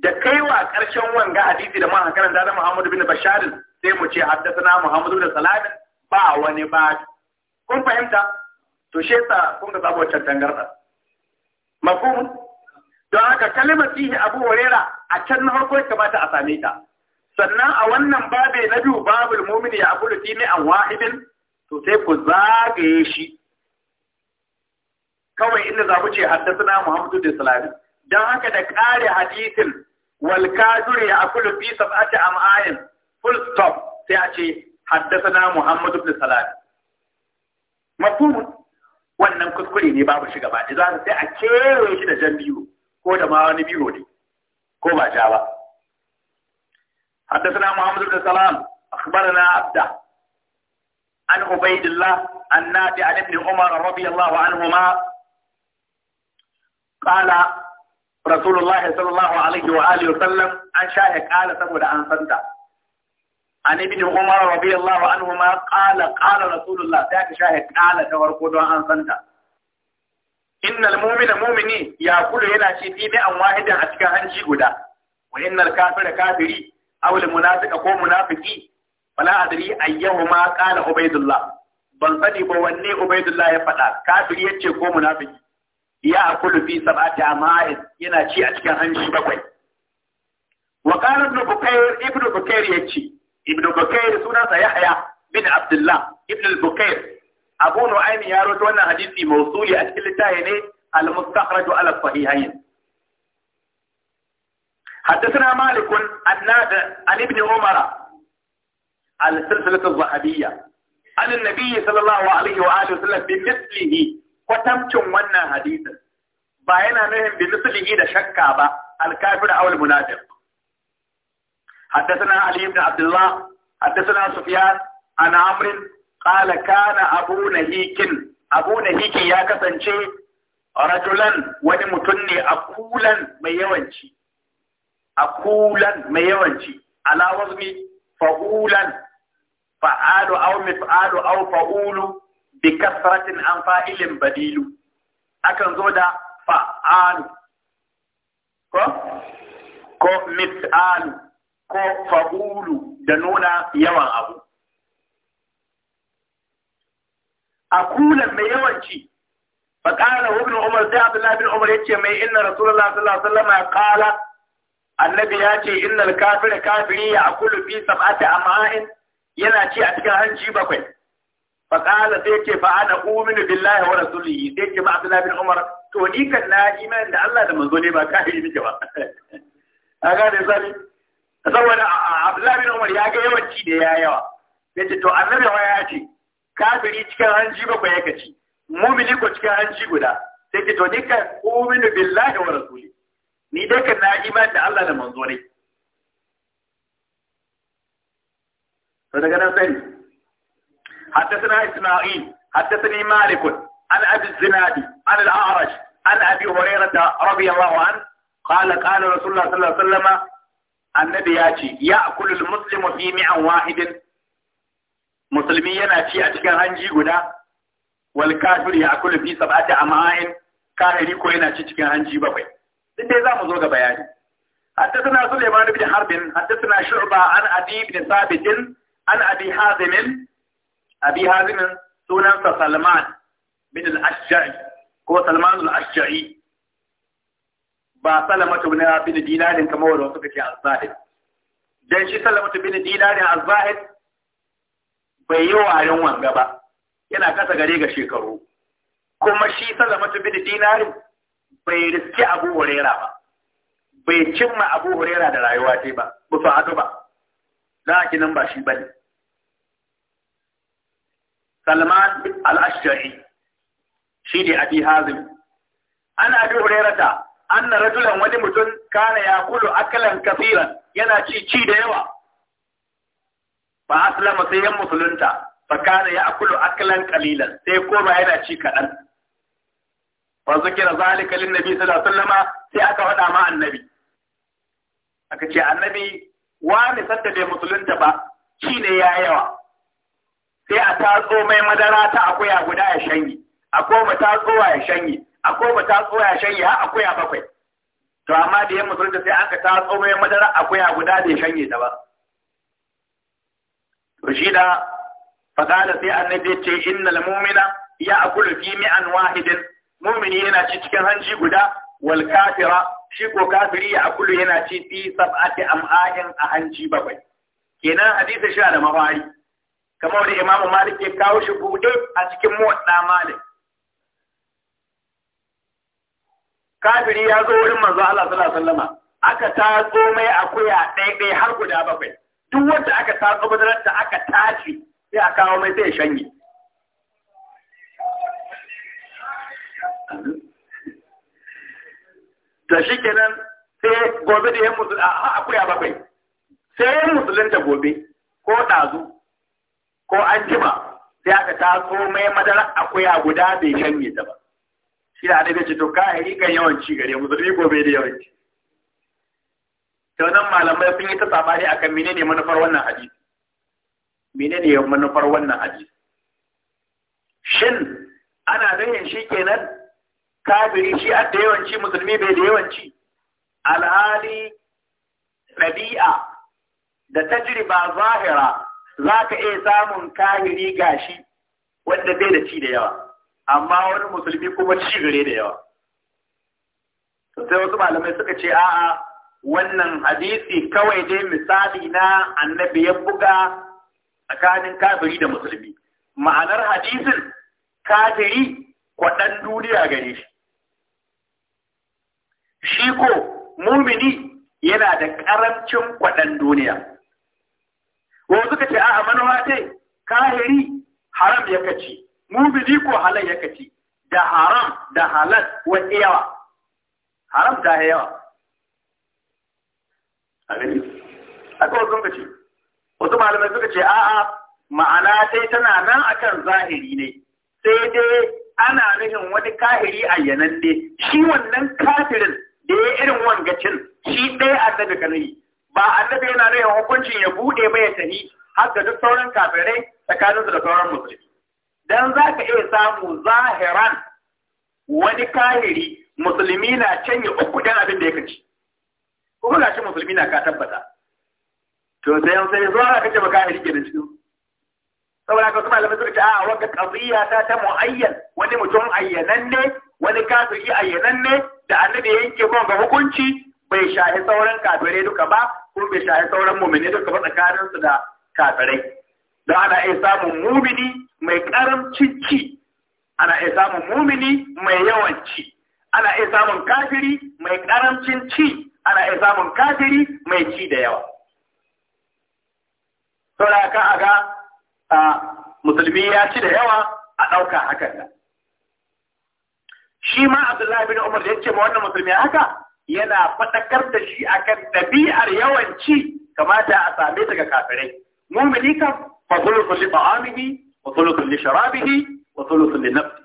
da kaiwa ƙarshen wanga hadisi da maha karanta na Muhammadu bin Basharin sai mu ce haddasa Muhammadu da Salamin ba wani ba kun fahimta to shesa kun ga babu wancan tangarda mafhum don haka kalimar fihi abu huraira a can na farko ya kamata a same ta sannan a wannan babe na biyu babul mumini ya akulu ne an wahidin to sai ku zagaye shi kawai inda za ku ce haddasa muhammadu da islami don haka da kare hadisin wal kafir ya akulu fi sab'ati am'ayin full stop sai a ce haddasa muhammadu da islami mafi wannan kuskure ne babu shi gaba da za sai a kewaye shi da jan biyu ko da ma wani biro ne ko ba ja ba حدثنا محمد بن سلام أخبرنا عبده عن عبيد الله عن نافع عن ابن عمر رضي الله عنهما قال رسول الله صلى الله عليه وآله وسلم عن شاهد قال تقول عن صدق عن ابن عمر رضي الله عنهما قال قال رسول الله ذاك شاهد قال تقول عن صدق innal mu'mina mu'mini ya kulu yana ce fi bi an wahidan a cikin hanci guda wa innal kafira kafiri aw al munafiqa ko munafiki fala adri ayyuhuma qala ubaydullah ban sani ba wanne ubaydullah ya faɗa kafiri yace ko munafiki ya akulu fi sab'ati ama'in yana ci a cikin hanci bakwai wa qala ibn bukair ibn bukair yace ibn bukair sunansa yahya bin abdullah ibn al-bukair abu nu'aym ya rawaito wannan hadisi mausuli a cikin littafi ne al-mustakhraj ala sahihayn حدثنا مالك عن نافع عن ابن عمر على السلسلة الذهبية عن النبي صلى الله عليه وآله وسلم بمثله وتمتم ونا حديثا باينا نهم بمثله إذا شكا با الكافر أو المنافق حدثنا علي بن عبد الله حدثنا سفيان عن عمرو Kala kana abu nahikin abu ya kasance rajulan wani mutum ne akulan mai yawanci akulan mai yawanci ala wazni fa'ulan fa'alu aw mif'alu au fa'ulu bi kasratin an fa'ilin badilu akan zo da fa'alu ko ko mif'alu ko fa'ulu da nuna yawan abu a kulan mai yawanci فقال ابن Umar sai Abdullahi bin Umar ce mai inna Rasulullah sallallahu alaihi wasallam qala annabi ya ce innal kafira kafiri ya akulu fi sab'ati ama'in yana ci a cikin hanci bakwai faqala sai ce fa ana uminu billahi wa rasulihi sai ce ma Abdullahi Umar to ni kan na imani da Allah da manzo ne ba kafiri nake ba aga da sani saboda Abdullahi bin Umar ya ga yawanci da ya yawa ce to annabi ya ce kafiri cikin hanji bakwai ka ci mumini ko cikin hanji guda sai ki to ni ka uminu billahi wa rasuli ni dai ka na iman da Allah da manzo ne to daga nan sai حدثنا إسماعيل حدثني مالك عن أبي الزناد عن الأعرج عن أبي هريرة رضي الله عنه قال قال رسول الله صلى الله عليه وسلم النبي ياتي يأكل المسلم في مئة واحد musulmi yana ci a cikin hanji guda wal kafir ya akulu fi sab'ati ama'in kafiri ko yana ci cikin hanji bakwai duk dai zamu zo ga bayani حدثنا سليمان بن حرب حدثنا شعبة عن أبي بن ثابت عن أبي حازم أبي حازم سنن سلمان بن الأشجعي هو سلمان الأشجعي ba salamatu bin bin dinarin kamar wanda suka ce azzahid dan shi salamatu bin dinarin bai yi warin wanga ba yana kasa gare ga shekaru kuma shi salamatu bin dinarin bai riski abu hurera ba bai cimma abu hurera da rayuwa ce ba ba su haɗu ba za a kinan ba shi ba ne salman al-ashari shi ne abi hazim ana abi hurerata anna rajulan wani mutum kana ya kulu akalan kafiran yana ci ci da yawa fa aslama sai ya musulunta fa kana ya akulu aklan qalilan sai koma yana ci kaɗan fa zikira zalika lin nabi sallallahu alaihi wasallama sai aka faɗa ma annabi aka ce annabi wani sanda bai musulunta ba shi ne ya yawa sai a tatso mai madara ta akuya guda ya shanye a koma tatsowa ya shanye a koma tatsowa ya shanye har akuya bakwai to amma da ya musulunta sai aka tatso mai madara akuya guda da ya shanye ta ba to shi da faqala sai annabi ce innal mu'mina ya'kulu fi mi'an wahidin mu'mini yana ci cikin hanji guda wal kafira shi ko kafiri ya akulu yana ci fi sab'ati am'a'in a hanji bakwai kenan hadisi shi da mafari kamar da imamu malik ke kawo shi buɗe a cikin muwadda malik kafiri ya zo wurin manzo Allah sallallahu alaihi wasallama aka ta mai akuya ɗaya ɗaya har guda bakwai duk wanda aka tatso madarar da aka tashi sai a kawo mai sai shanye da shi kenan sai gobe da yan musulun a akuya bakwai sai yan musulun da gobe ko ɗazu ko an jima sai aka tatso mai madarar akuya guda bai shanye ta ba shi da adabi ce to kayayyaki kan yawanci gare musulmi gobe da yawanci da wannan malamai sun yi ta sabani akan menene manufar wannan hadisi menene manufar wannan hadisi shin ana ganin shi kenan kafiri shi a da yawanci musulmi bai da yawanci alhali ɗabi'a da tajriba zahira za ka iya samun kahiri gashi wanda bai da ci da yawa amma wani musulmi kuma ci gare da yawa sai wasu malamai suka ce a'a wannan hadisi kawai dai misali na annabi ya buga tsakanin kafiri da musulmi ma'anar hadisin kafiri kwaɗan duniya gare shi shi ko mumini yana da ƙarancin kwaɗan duniya wasu suka ce a'a manuwa ce kahiri haram ya kaci mumini ko halal ya kaci da haram da halal wa yawa haram da yawa aka wasu suka ce wasu malamai suka ce a'a ma'ana sai tana nan akan zahiri ne sai dai ana nufin wani kahiri ayyananne shi wannan kafirin da ya irin wangacin shi ɗaya annabi kanayi ba annabi yana nufin hukuncin ya buɗe ba ya tafi haka duk sauran kafirai tsakaninsu da sauran musulmi dan za ka iya samu zahiran wani kahiri musulmi na canye uku dan abin da ya kaci kuma ga shi musulmi na ka tabbata to sai an sai zuwa kace baka yi rike da shi saboda ka kuma lamar suka a wata qadiya ta ta muayyan wani mutum ne wani kafiri ne da annabi yanke gon ga hukunci bai shahi sauran kafire duka ba ko bai shahi sauran mu'mini duka ba tsakanin su da kafirai don ana iya samun mumini mai karamcin ci ana iya samun mumini mai yawan ci ana iya samun kafiri mai karamcin ci ana iya samun kafiri mai ci da yawa saboda ka aga a musulmi ya ci da yawa a ɗauka hakan nan shi ma Abdullahi bin Umar ya ce ma wannan musulmi haka yana faɗakar da shi akan ɗabi'ar yawan ci kamata a same daga ga kafirai mu'mini kan fa thuluthu li ta'amihi wa thuluthu li sharabihi wa thuluthu li nafsi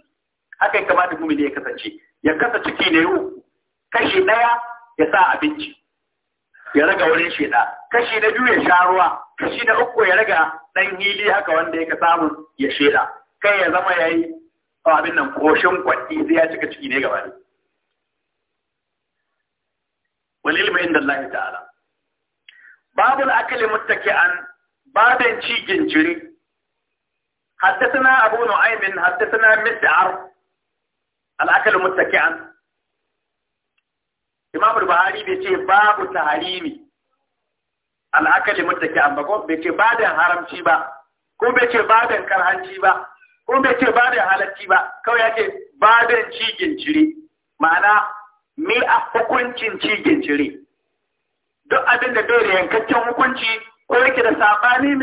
haka kamata mu'mini ya kasance ya kasa ciki ne kashi ɗaya ya sa abinci ya raga wurin sheda kashi na biyu ya sha ruwa kashi na uku ya raga dan hili haka wanda yake samu ya sheda kai ya zama yayi abin nan koshin kwaddi zai ya cika ciki ne gaba ne walil ilmu inda Allah ta'ala babul akli muttaki'an babin ci ginjiri حدثنا أبو نعيم حدثنا مسعر الأكل متكئا imamul buhari bai ce babu tahrimi al'akali mutake amma ko bai ce badan haramci ba ko bai ce badan karhanci ba ko bai ce badan halacci ba kawai ya ce badan cigin cire ma'ana me a hukuncin cigin cire duk abin da bai da hukunci ko yake da sabani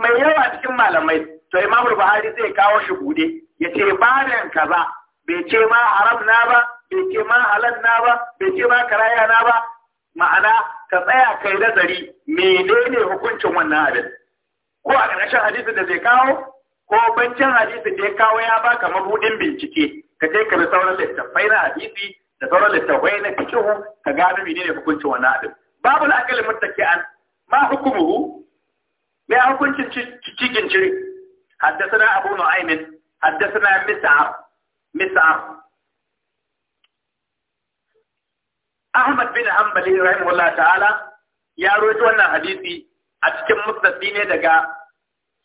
mai yawa cikin malamai to imamul buhari zai kawo shi bude ya ce badan kaza bai ce ma haram na ba bai ma halan na ba bai ce ma karaya na ba ma'ana ka tsaya kai nazari menene hukuncin wannan abin ko a ƙarshen hadisin da zai kawo ko bancin hadisin da ya kawo ya baka mabudin bincike ka je ka bi sauran littattafai na hadisi da sauran littattafai na fikihu ka gano menene hukuncin wannan abin babu la'akali an ma hukumuhu ما هكون تشيكن شري حدثنا أبو نعيم حدثنا مسعر مسعر Ahmad bin Hanbali rahimahullah ta'ala ya roji wannan hadisi a cikin musnadi ne daga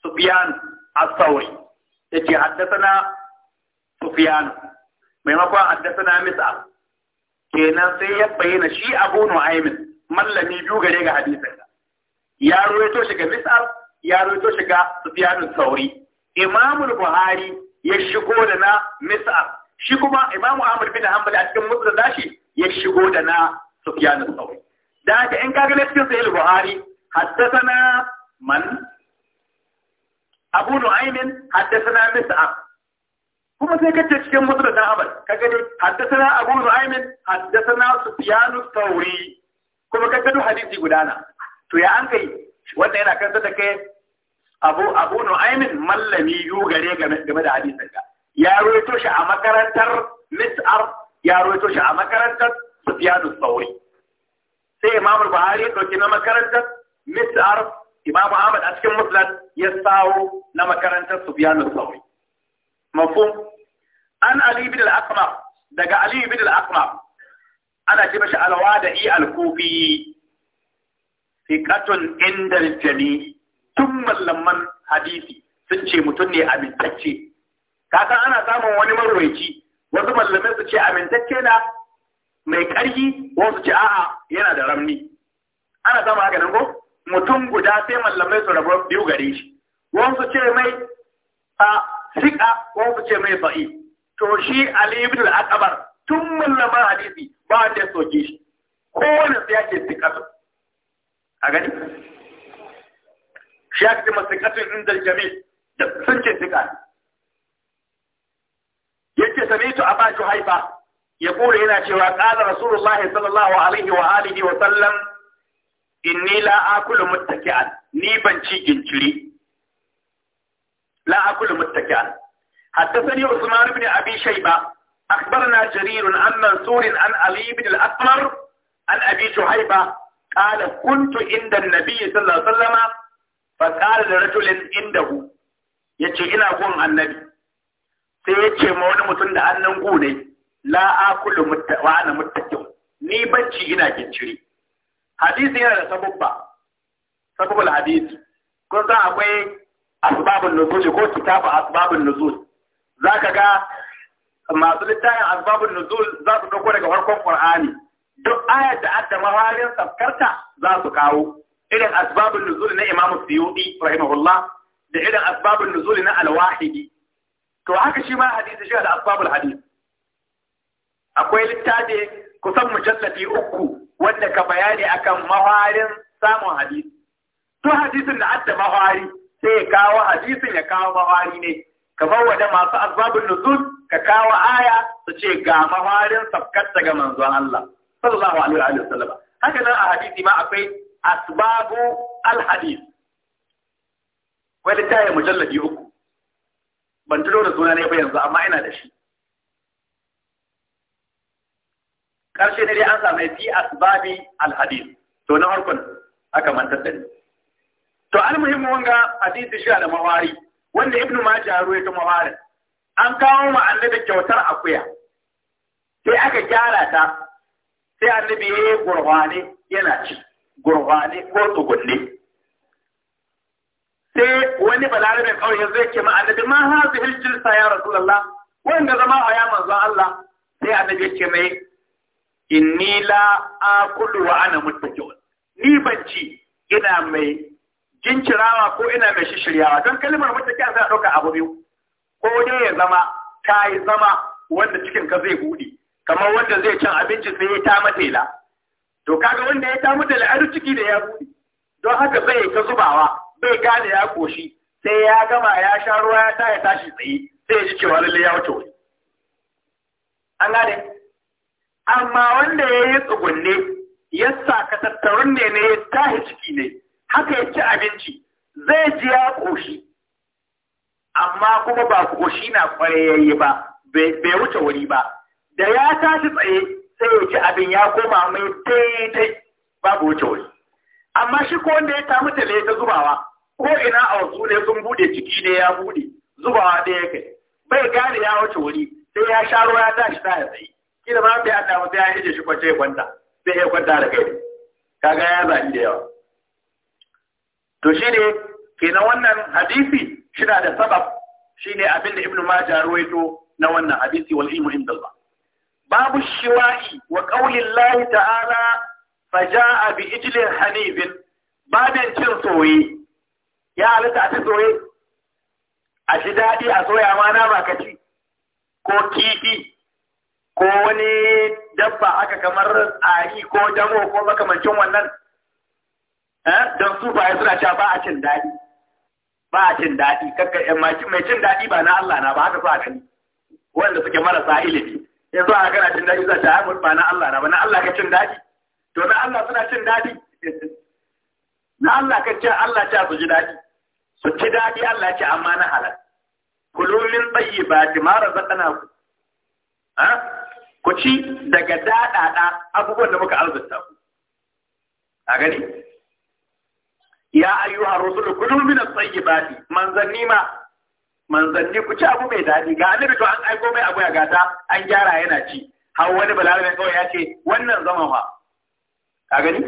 Sufyan as-Sawri yace haddathana Sufyan maimakon haddathana Mis'a kenan sai ya bayyana shi Abu Nu'aym mallami biyu gare ga hadisin ya roito shi ga Mis'a ya roito shi ga Sufyan as-Sawri Imam Buhari ya shigo da na Mis'a shi kuma Imam Ahmad bin Hanbali a cikin musnad shi ya shigo da na Sufyan al-Thawri da haka in kaga na sai al Buhari haddathana man Abu Nu'aym haddathana Mus'ab kuma sai kace cikin musnad Ahmad kaga ne haddathana Abu Nu'aym haddathana Sufyan al-Thawri kuma kaga hadisi gudana to ya an kai wannan yana kansa da kai abu abu Nu'aym mallami yu gare game da hadisin ka ya roto shi a makarantar mis'ar ya toshe shi a makarantar Sufyanu Sauri sai Imam Buhari ya dauki na makarantar Mis'ar Imam Ahmad a cikin Musnad ya sawo na makarantar Sufyanu Sauri mafhum an Ali ibn al-Aqma daga Ali ibn al-Aqma ana ce mashi alwada'i al-Kufi fiqatun inda al-jami tun mallaman hadisi sun ce mutum ne amintacce kaka ana samun wani marwaici wasu malamai su ce amintacce na mai ƙarfi wasu ce a'a yana da ramni ana samun haka nan ko mutum guda sai malamai su rabu biyu gare shi wasu ce mai a siƙa wasu ce mai fa'i to shi ali ibn al-aqbar tun mallaman hadisi ba wanda ya soke shi kowane sai yake siƙa su a gani shi ya ce masu katin inda jami'a da sun ce sika yace samitu aba juhaifa ya kure yana cewa qala rasulullahi sallallahu alaihi wa alihi wa sallam inni la akulu muttaki'an ni ban ci ginciri la akulu muttaki'an حدثني عثمان بن أبي شيبة أخبرنا جرير عن منصور عن علي بن الأسمر عن أبي شهيبة قال كنت عند النبي صلى الله عليه وسلم فقال لرجل عنده يجي إلى النبي sai ya ce ma wani mutum da annan gune la akulu wa ana muttaqin ni banci ina ginciri hadisi yana da sababba sababul hadisi kun san akwai asbabun nuzul ko kitabu asbabun nuzul zaka ga masu littafin asbabun nuzul za su dauko daga farkon qur'ani duk ayar da adda mahalin safkarta za su kawo irin asbabun nuzul na imam suyuti rahimahullah da irin asbabun nuzul na al to haka shi ma hadisi shi da asbabul hadis akwai littafi kusan mujallafi uku wanda ka bayani akan maharin samun hadisi su hadisin da adda mawari. sai ya kawo hadisin ya kawo mahari ne kamar wanda masu asbabul nuzul ka kawo aya su ce ga maharin safkar daga manzon Allah sallallahu alaihi wa sallam haka nan a hadisi ma akwai asbabu al hadis wani tayi mujalladi uku ban tuno da suna ne ba yanzu amma ina da shi karshe ne dai an samu fi asbabi alhadith to na harkon aka mantar da ni to almuhimmin wanga hadisi shi da mawari wanda ibnu majah ta mawari an kawo mu annabi kyautar akuya sai aka gyara ta sai annabi ya yi gurwane yana ci gurwane ko tsugunne sai wani balarabe kawai yanzu yake ma annabi ma hazihil sa ya rasulullah wanda zama a ya manzon Allah sai annabi yake mai inni la akulu wa ana muttaqiun ni ban ci ina mai gincirawa ko ina mai shishiryawa don kalmar muttaqiya sai dauka abu biyu ko dai ya zama ta yi zama wanda cikin ka zai buɗe? kamar wanda zai cin abinci sai ya ta matela to kaga wanda ya ta matela ciki da ya buɗe don haka zai ka zubawa bai gane ya koshi sai ya gama ya sha ruwa ya sa ya tashi tsaye sai ya ji cewa lalle ya wuce wuri an gane amma wanda ya yi tsugunne ya sa ka tattarun ne ne ya tashi ciki ne haka ya ci abinci zai ji ya koshi amma kuma ba koshi na kware ya yi ba bai wuce wuri ba da ya tashi tsaye sai ya ci abin ya koma mai daidai babu wuce wuri amma shi ko wanda ya samu ne ta zubawa ko ina a wasu ne sun bude ciki ne ya bude zubawa da ya kai bai gane ya wuce wuri sai ya sha ruwa ya tashi ta ya tsaye kila ma bai Allah ba sai ya ije shi kwace kwanta sai ya kwanta da kai kaga ya zaɓi da yawa to shi ne kenan wannan hadisi shi da sabab shi ne abin da Ibn Majah ruwaito na wannan hadisi wal ilmu ba. babu shiwa'i wa ƙaunin Allah ta'ala faja'a bi ijlin ba babin cin soye ya halitta a ci a ji daɗi a soya ma na ka ci ko kifi ko wani dabba aka kamar ari ko damo ko makamancin wannan don su ba suna cewa ba a cin daɗi ba a cin daɗi kakka mai cin daɗi ba na Allah na ba haka so a gani wanda suke marasa ilimi yanzu a gana cin daɗi za ta ba na Allah na ba na Allah ka cin daɗi to na Allah suna cin dadi? na Allah ka ce Allah ta su ji dadi. su ci dadi Allah ce amma na halal kulumin tsayi ba ti mara zaɗana ku ku ci daga daɗaɗa abubuwan da muka arzuta ku a gani ya ayyuha rusul kulu min at-tayyibati manzanni ma manzanni ku ci abu mai dadi. ga annabi to an aiko mai abu ya gata an gyara yana ci har wani ne kawai ya ce wannan zaman fa A gani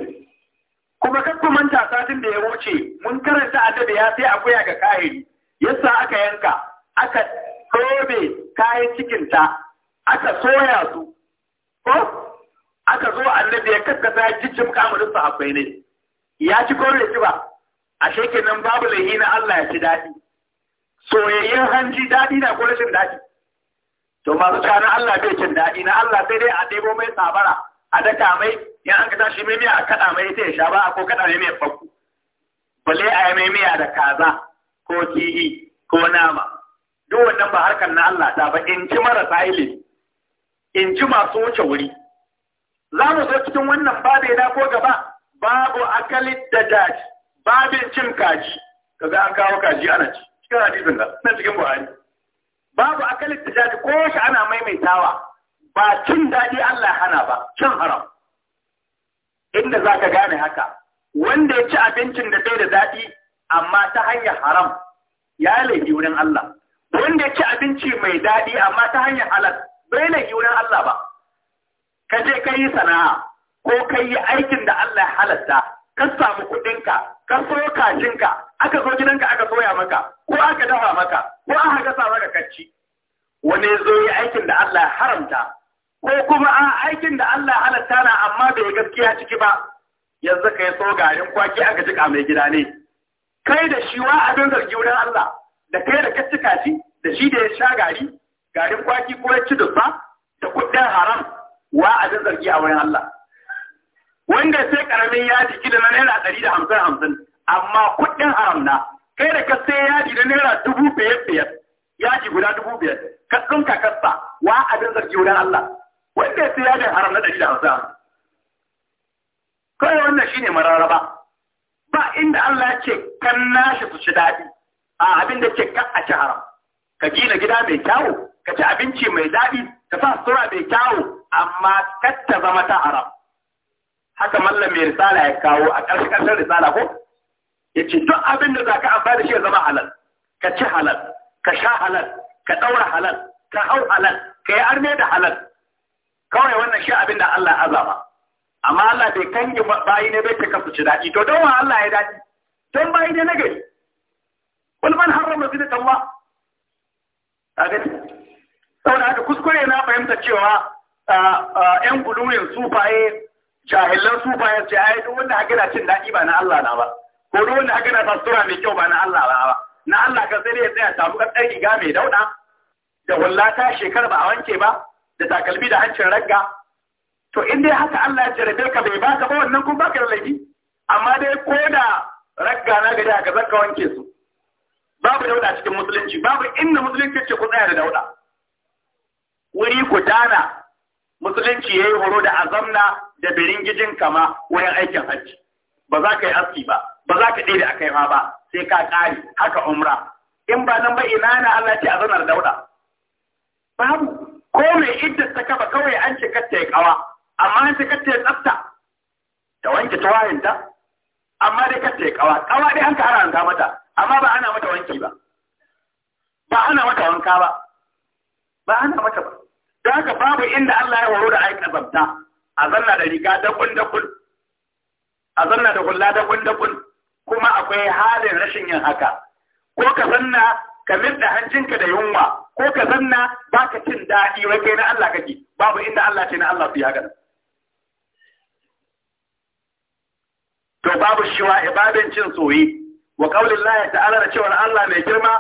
kuma kakku manta satin da ya wuce mun karanta a ya sai akuya ga kayan yasa aka yanka aka tobe kayan cikinta aka soya su ko aka zo annabi ya kakkasa ya jijjim kamarin sahabbai ne ya ci kore ci ba A shekin nan babu laihi na Allah ya ci daɗi soyayyen hanji daɗi na ko rashin daɗi to masu kana Allah bai cin daɗi na Allah sai dai a debo mai sabara a daka mai ya an ka shi mai miya a kaɗa mai ita ya sha ba ko kaɗa mai miya bakku bale a yi mai miya da kaza ko kihi ko nama duk wannan ba harkar na Allah ta ba in ji marasa ilimi in ji masu wuce wuri za mu zo cikin wannan babu na ko gaba babu akali da daji babin cin kaji kaga an kawo kaji ana ci cikin hadisin da nan cikin buhari babu akalin da daji ko shi ana maimaitawa ba cin daɗi Allah hana ba cin haram inda za ka gane haka wanda ya ci abincin da bai da daɗi amma ta hanyar haram ya laifi wurin Allah wanda ya ci abinci mai daɗi amma ta hanyar halar bai laifi wurin Allah ba ka je ka yi sana'a ko ka yi aikin da Allah ya halarta ka samu kuɗinka ka so kashinka aka zo gidanka aka soya maka ko aka dafa maka ko aka gasa maka kacci wani zo yi aikin da Allah ya haramta ko kuma a aikin da Allah halatta na amma bai gaskiya ciki ba yanzu kai so garin kwaki aka jika mai gida ne kai da shi wa abin zargi wurin Allah da kai da ka cika shi da shi da ya sha gari garin kwaki ko ya ci dusa da kuɗin haram wa abin zargi a wurin Allah wanda sai karamin yaji gida na naira ɗari da hamsin hamsin amma kuɗin haram na kai da ka sai yaji na naira dubu biyar biyar yaji guda dubu biyar ka ɗinka kasta wa abin zargi wurin Allah wanda ya siya da haram na ɗari da hamsin kawai wannan shine mararraba. ba inda Allah ce kan nashi su ci daɗi a abin da ce kan a ci haram ka gina gida mai kyawu ka ci abinci mai daɗi ka sa sura mai kyawu amma kar ta zama ta haram haka mallam mai risala ya kawo a ƙarshe ƙarshen risala ko ya ce duk abin da za ka amfani da shi ya zama halal ka ci halal ka sha halal ka ɗaura halal ka hau halal ka yi arme da halal kawai wannan shi abin da Allah azaba amma Allah bai kange bayi ne bai ta kasu ci daɗi to don Allah ya daɗi don bayi ne na gari wal man harrama zina tawwa kaga saboda haka kuskure na fahimta cewa yan gulurin sufaye jahilan sufaye ce ai duk wanda haka na cin daɗi ba na Allah na ba ko duk wanda haka na fasura mai kyau ba na Allah ba na Allah ka sai ya tsaya samu kan ɗan riga mai dauɗa da wallata shekar ba a wanke ba da takalmi da hancin ragga to in dai haka Allah ya jarabe ka bai baka ba wannan kun baka da laifi amma dai ko da ragga na gari zan ka wanke su babu dauda cikin musulunci babu inda musulunci ce ku tsaya da dauda wuri ku dana musulunci yayi horo da azamna da biringijin kama wayan aikin hajji ba za ka yi aski ba ba za ka ɗaya da akai ma ba sai ka kare haka umra in ba nan ba ina na Allah ce a dauda babu ko mai iddar ta kafa kawai an ce katta ya kawa amma an ce katta ya tsafta ta wanke wayanta amma dai katta ya kawa kawa dai an ka wanka mata amma ba ana mata wanki ba ba ana mata wanka ba ba ana mata ba don haka babu inda Allah ya horo da ai kazabta a zanna da riga da da kun a zanna da kun da kun kuma akwai halin rashin yin haka ko ka zanna ka rinda hancinka da yunwa ko ka zanna ka cin daɗi wai kai na Allah kake babu inda Allah ce na Allah su yaga to babu shiwa ibadan cin soyi wa qaulin Allah ta'ala da cewa Allah mai girma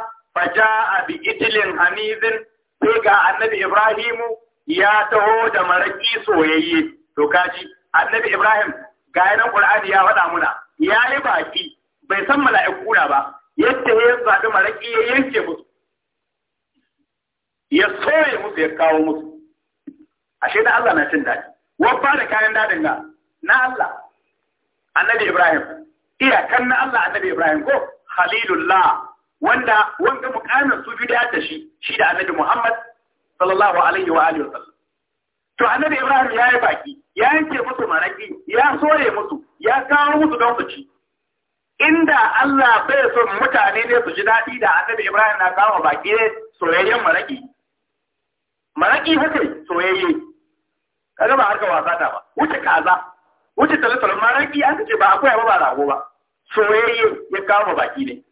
ja'a bi itlin hamizin sai ga annabi Ibrahimu ya taho da maraki soyayye to kaji annabi Ibrahim ga yana Qur'ani ya faɗa muna ya yi baki bai san mala'iku ba yadda ya zaɓi maraƙi ya yanke musu ya soye musu ya kawo musu ashe na Allah na cin daɗi wabba da kayan daɗin na na Allah annabi Ibrahim iyakan na Allah annabi Ibrahim ko Khalilullah. wanda wanda mukamin su bidiya da shi shi da annabi Muhammad sallallahu alaihi wa alihi wasallam to annabi Ibrahim ya yi baki ya yanke musu maraƙi, ya soye musu ya kawo musu don su ci inda Allah bai son mutane ne su ji daɗi da annabi Ibrahim na kama baki ne soyayyen maraƙi maraƙi haka soyayye kaga ba harka wasa ta ba wuce kaza wuce talatal maraƙi an ce ba akwai abu ba rago ba soyayye ya kama baki ne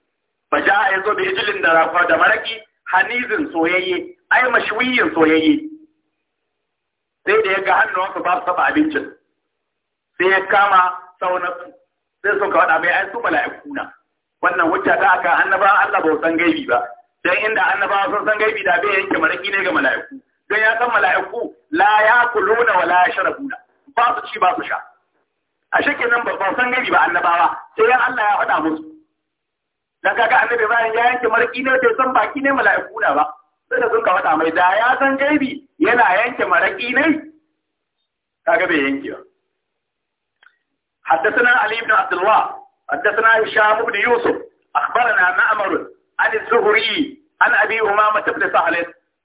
ba ja ya zo da ijilin da rago da maraƙi hanizin soyayye ai mashwiyin soyayye sai da ya ga hannuwansa ba su taba abincin sai ya kama na sai sun ka faɗa mai ai su mala'iku na wannan wuce ta aka annaba Allah ba san gaibi ba dan inda annaba sun san gaibi da bai yanke maraki ne ga mala'iku dan ya san mala'iku la yakuluna wa la yashrabuna ba su ci ba su sha a shekin nan ba san gaibi ba annabawa sai yan Allah ya faɗa musu dan kaga annabi bayan ya yanke maraki ne bai san baki ne mala'iku na ba sai da sun ka faɗa mai da ya san gaibi yana yanke maraki ne kaga bai yanke ba حدثنا علي بن عبد الله حدثنا هشام بن يوسف أخبرنا معمر عن الزهري عن أبي أمامة بن سهل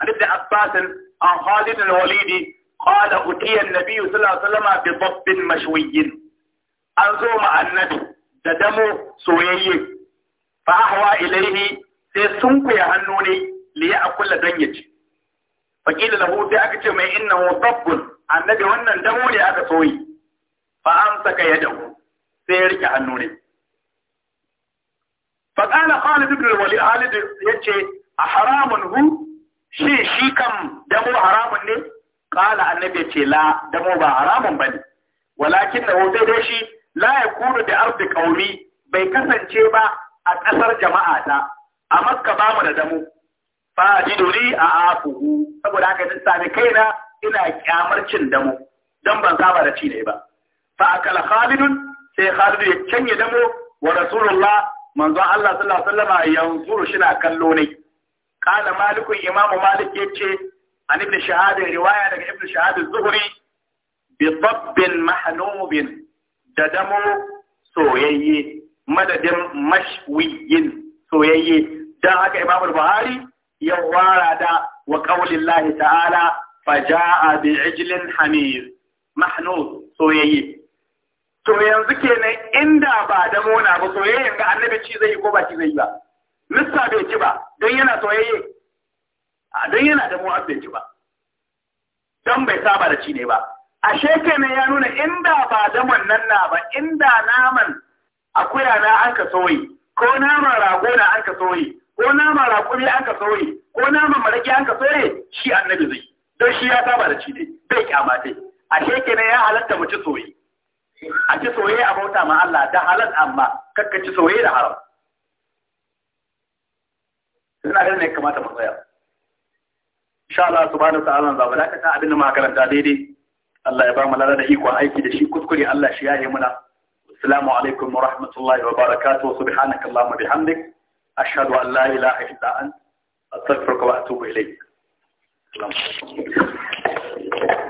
عن ابن عباس عن خالد الوليد قال أتي النبي صلى الله عليه وسلم بضب مشوي أنزوم النبي ددمو سويي فأهوى إليه سيسنك يا هنوني ليأكل دنيج فقيل له سيأكل ما إنه ضب النبي وأن دمو لأكل سويي fa amsaka yadahu sai ya rike hannu ne fa qala Khalid ibn al-Walid Khalid yace a haramun hu shi shi kam damo haramun ne qala annabi yace la damo ba haramun bane walakin da sai dai shi la yakunu da ardi qaumi bai kasance ba a ƙasar jama'a ta a Makka ba mu da damo fa jiduri a afuhu saboda haka din sami kaina ina kyamar cin damo dan ban saba da ci ba fa kala khalidun sai khalidu ya canye damo wa rasulullah manzon Allah sallallahu alaihi wasallama yanzuru shi na kallo ne qala malikun Imam malik yace an ibn shahad riwaya daga ibn shahad az-zuhri bi dabbin da damo soyayye madadin mashwiyin soyayye dan haka imamu buhari yau wara da wa qaulillahi ta'ala faja'a bi ijlin hamir mahnub soyayye to yanzu kenan inda ba da mona ba soyayya ga annabi ci zai yi ko ba ci zai yi ba lissa bai ci ba don yana soyayye a don yana da mu'ab bai ci ba don bai saba da ci ne ba ashe kenan ya nuna inda ba da nan na ba inda naman akuya na an ka soyi ko naman rago na an ka soyi ko naman raƙumi an ka soyi ko naman maraƙi an ka soye shi annabi zai don shi ya saba da ci ne bai kyamata ashe kenan ya halatta mu ci soyayya. a ci soyayya a bauta ma Allah da halal amma kakka ci soyayya da haram suna ganin ne kamata mu tsaya insha Allah subhanahu ta'ala za dakata abin da muka karanta daidai Allah ya ba mu lada da ikon aiki da shi kuskure Allah shi yaye muna assalamu alaikum wa rahmatullahi wa barakatuh subhanaka allahumma bihamdik ashhadu an la ilaha illa anta astaghfiruka wa atubu ilayk السلام عليكم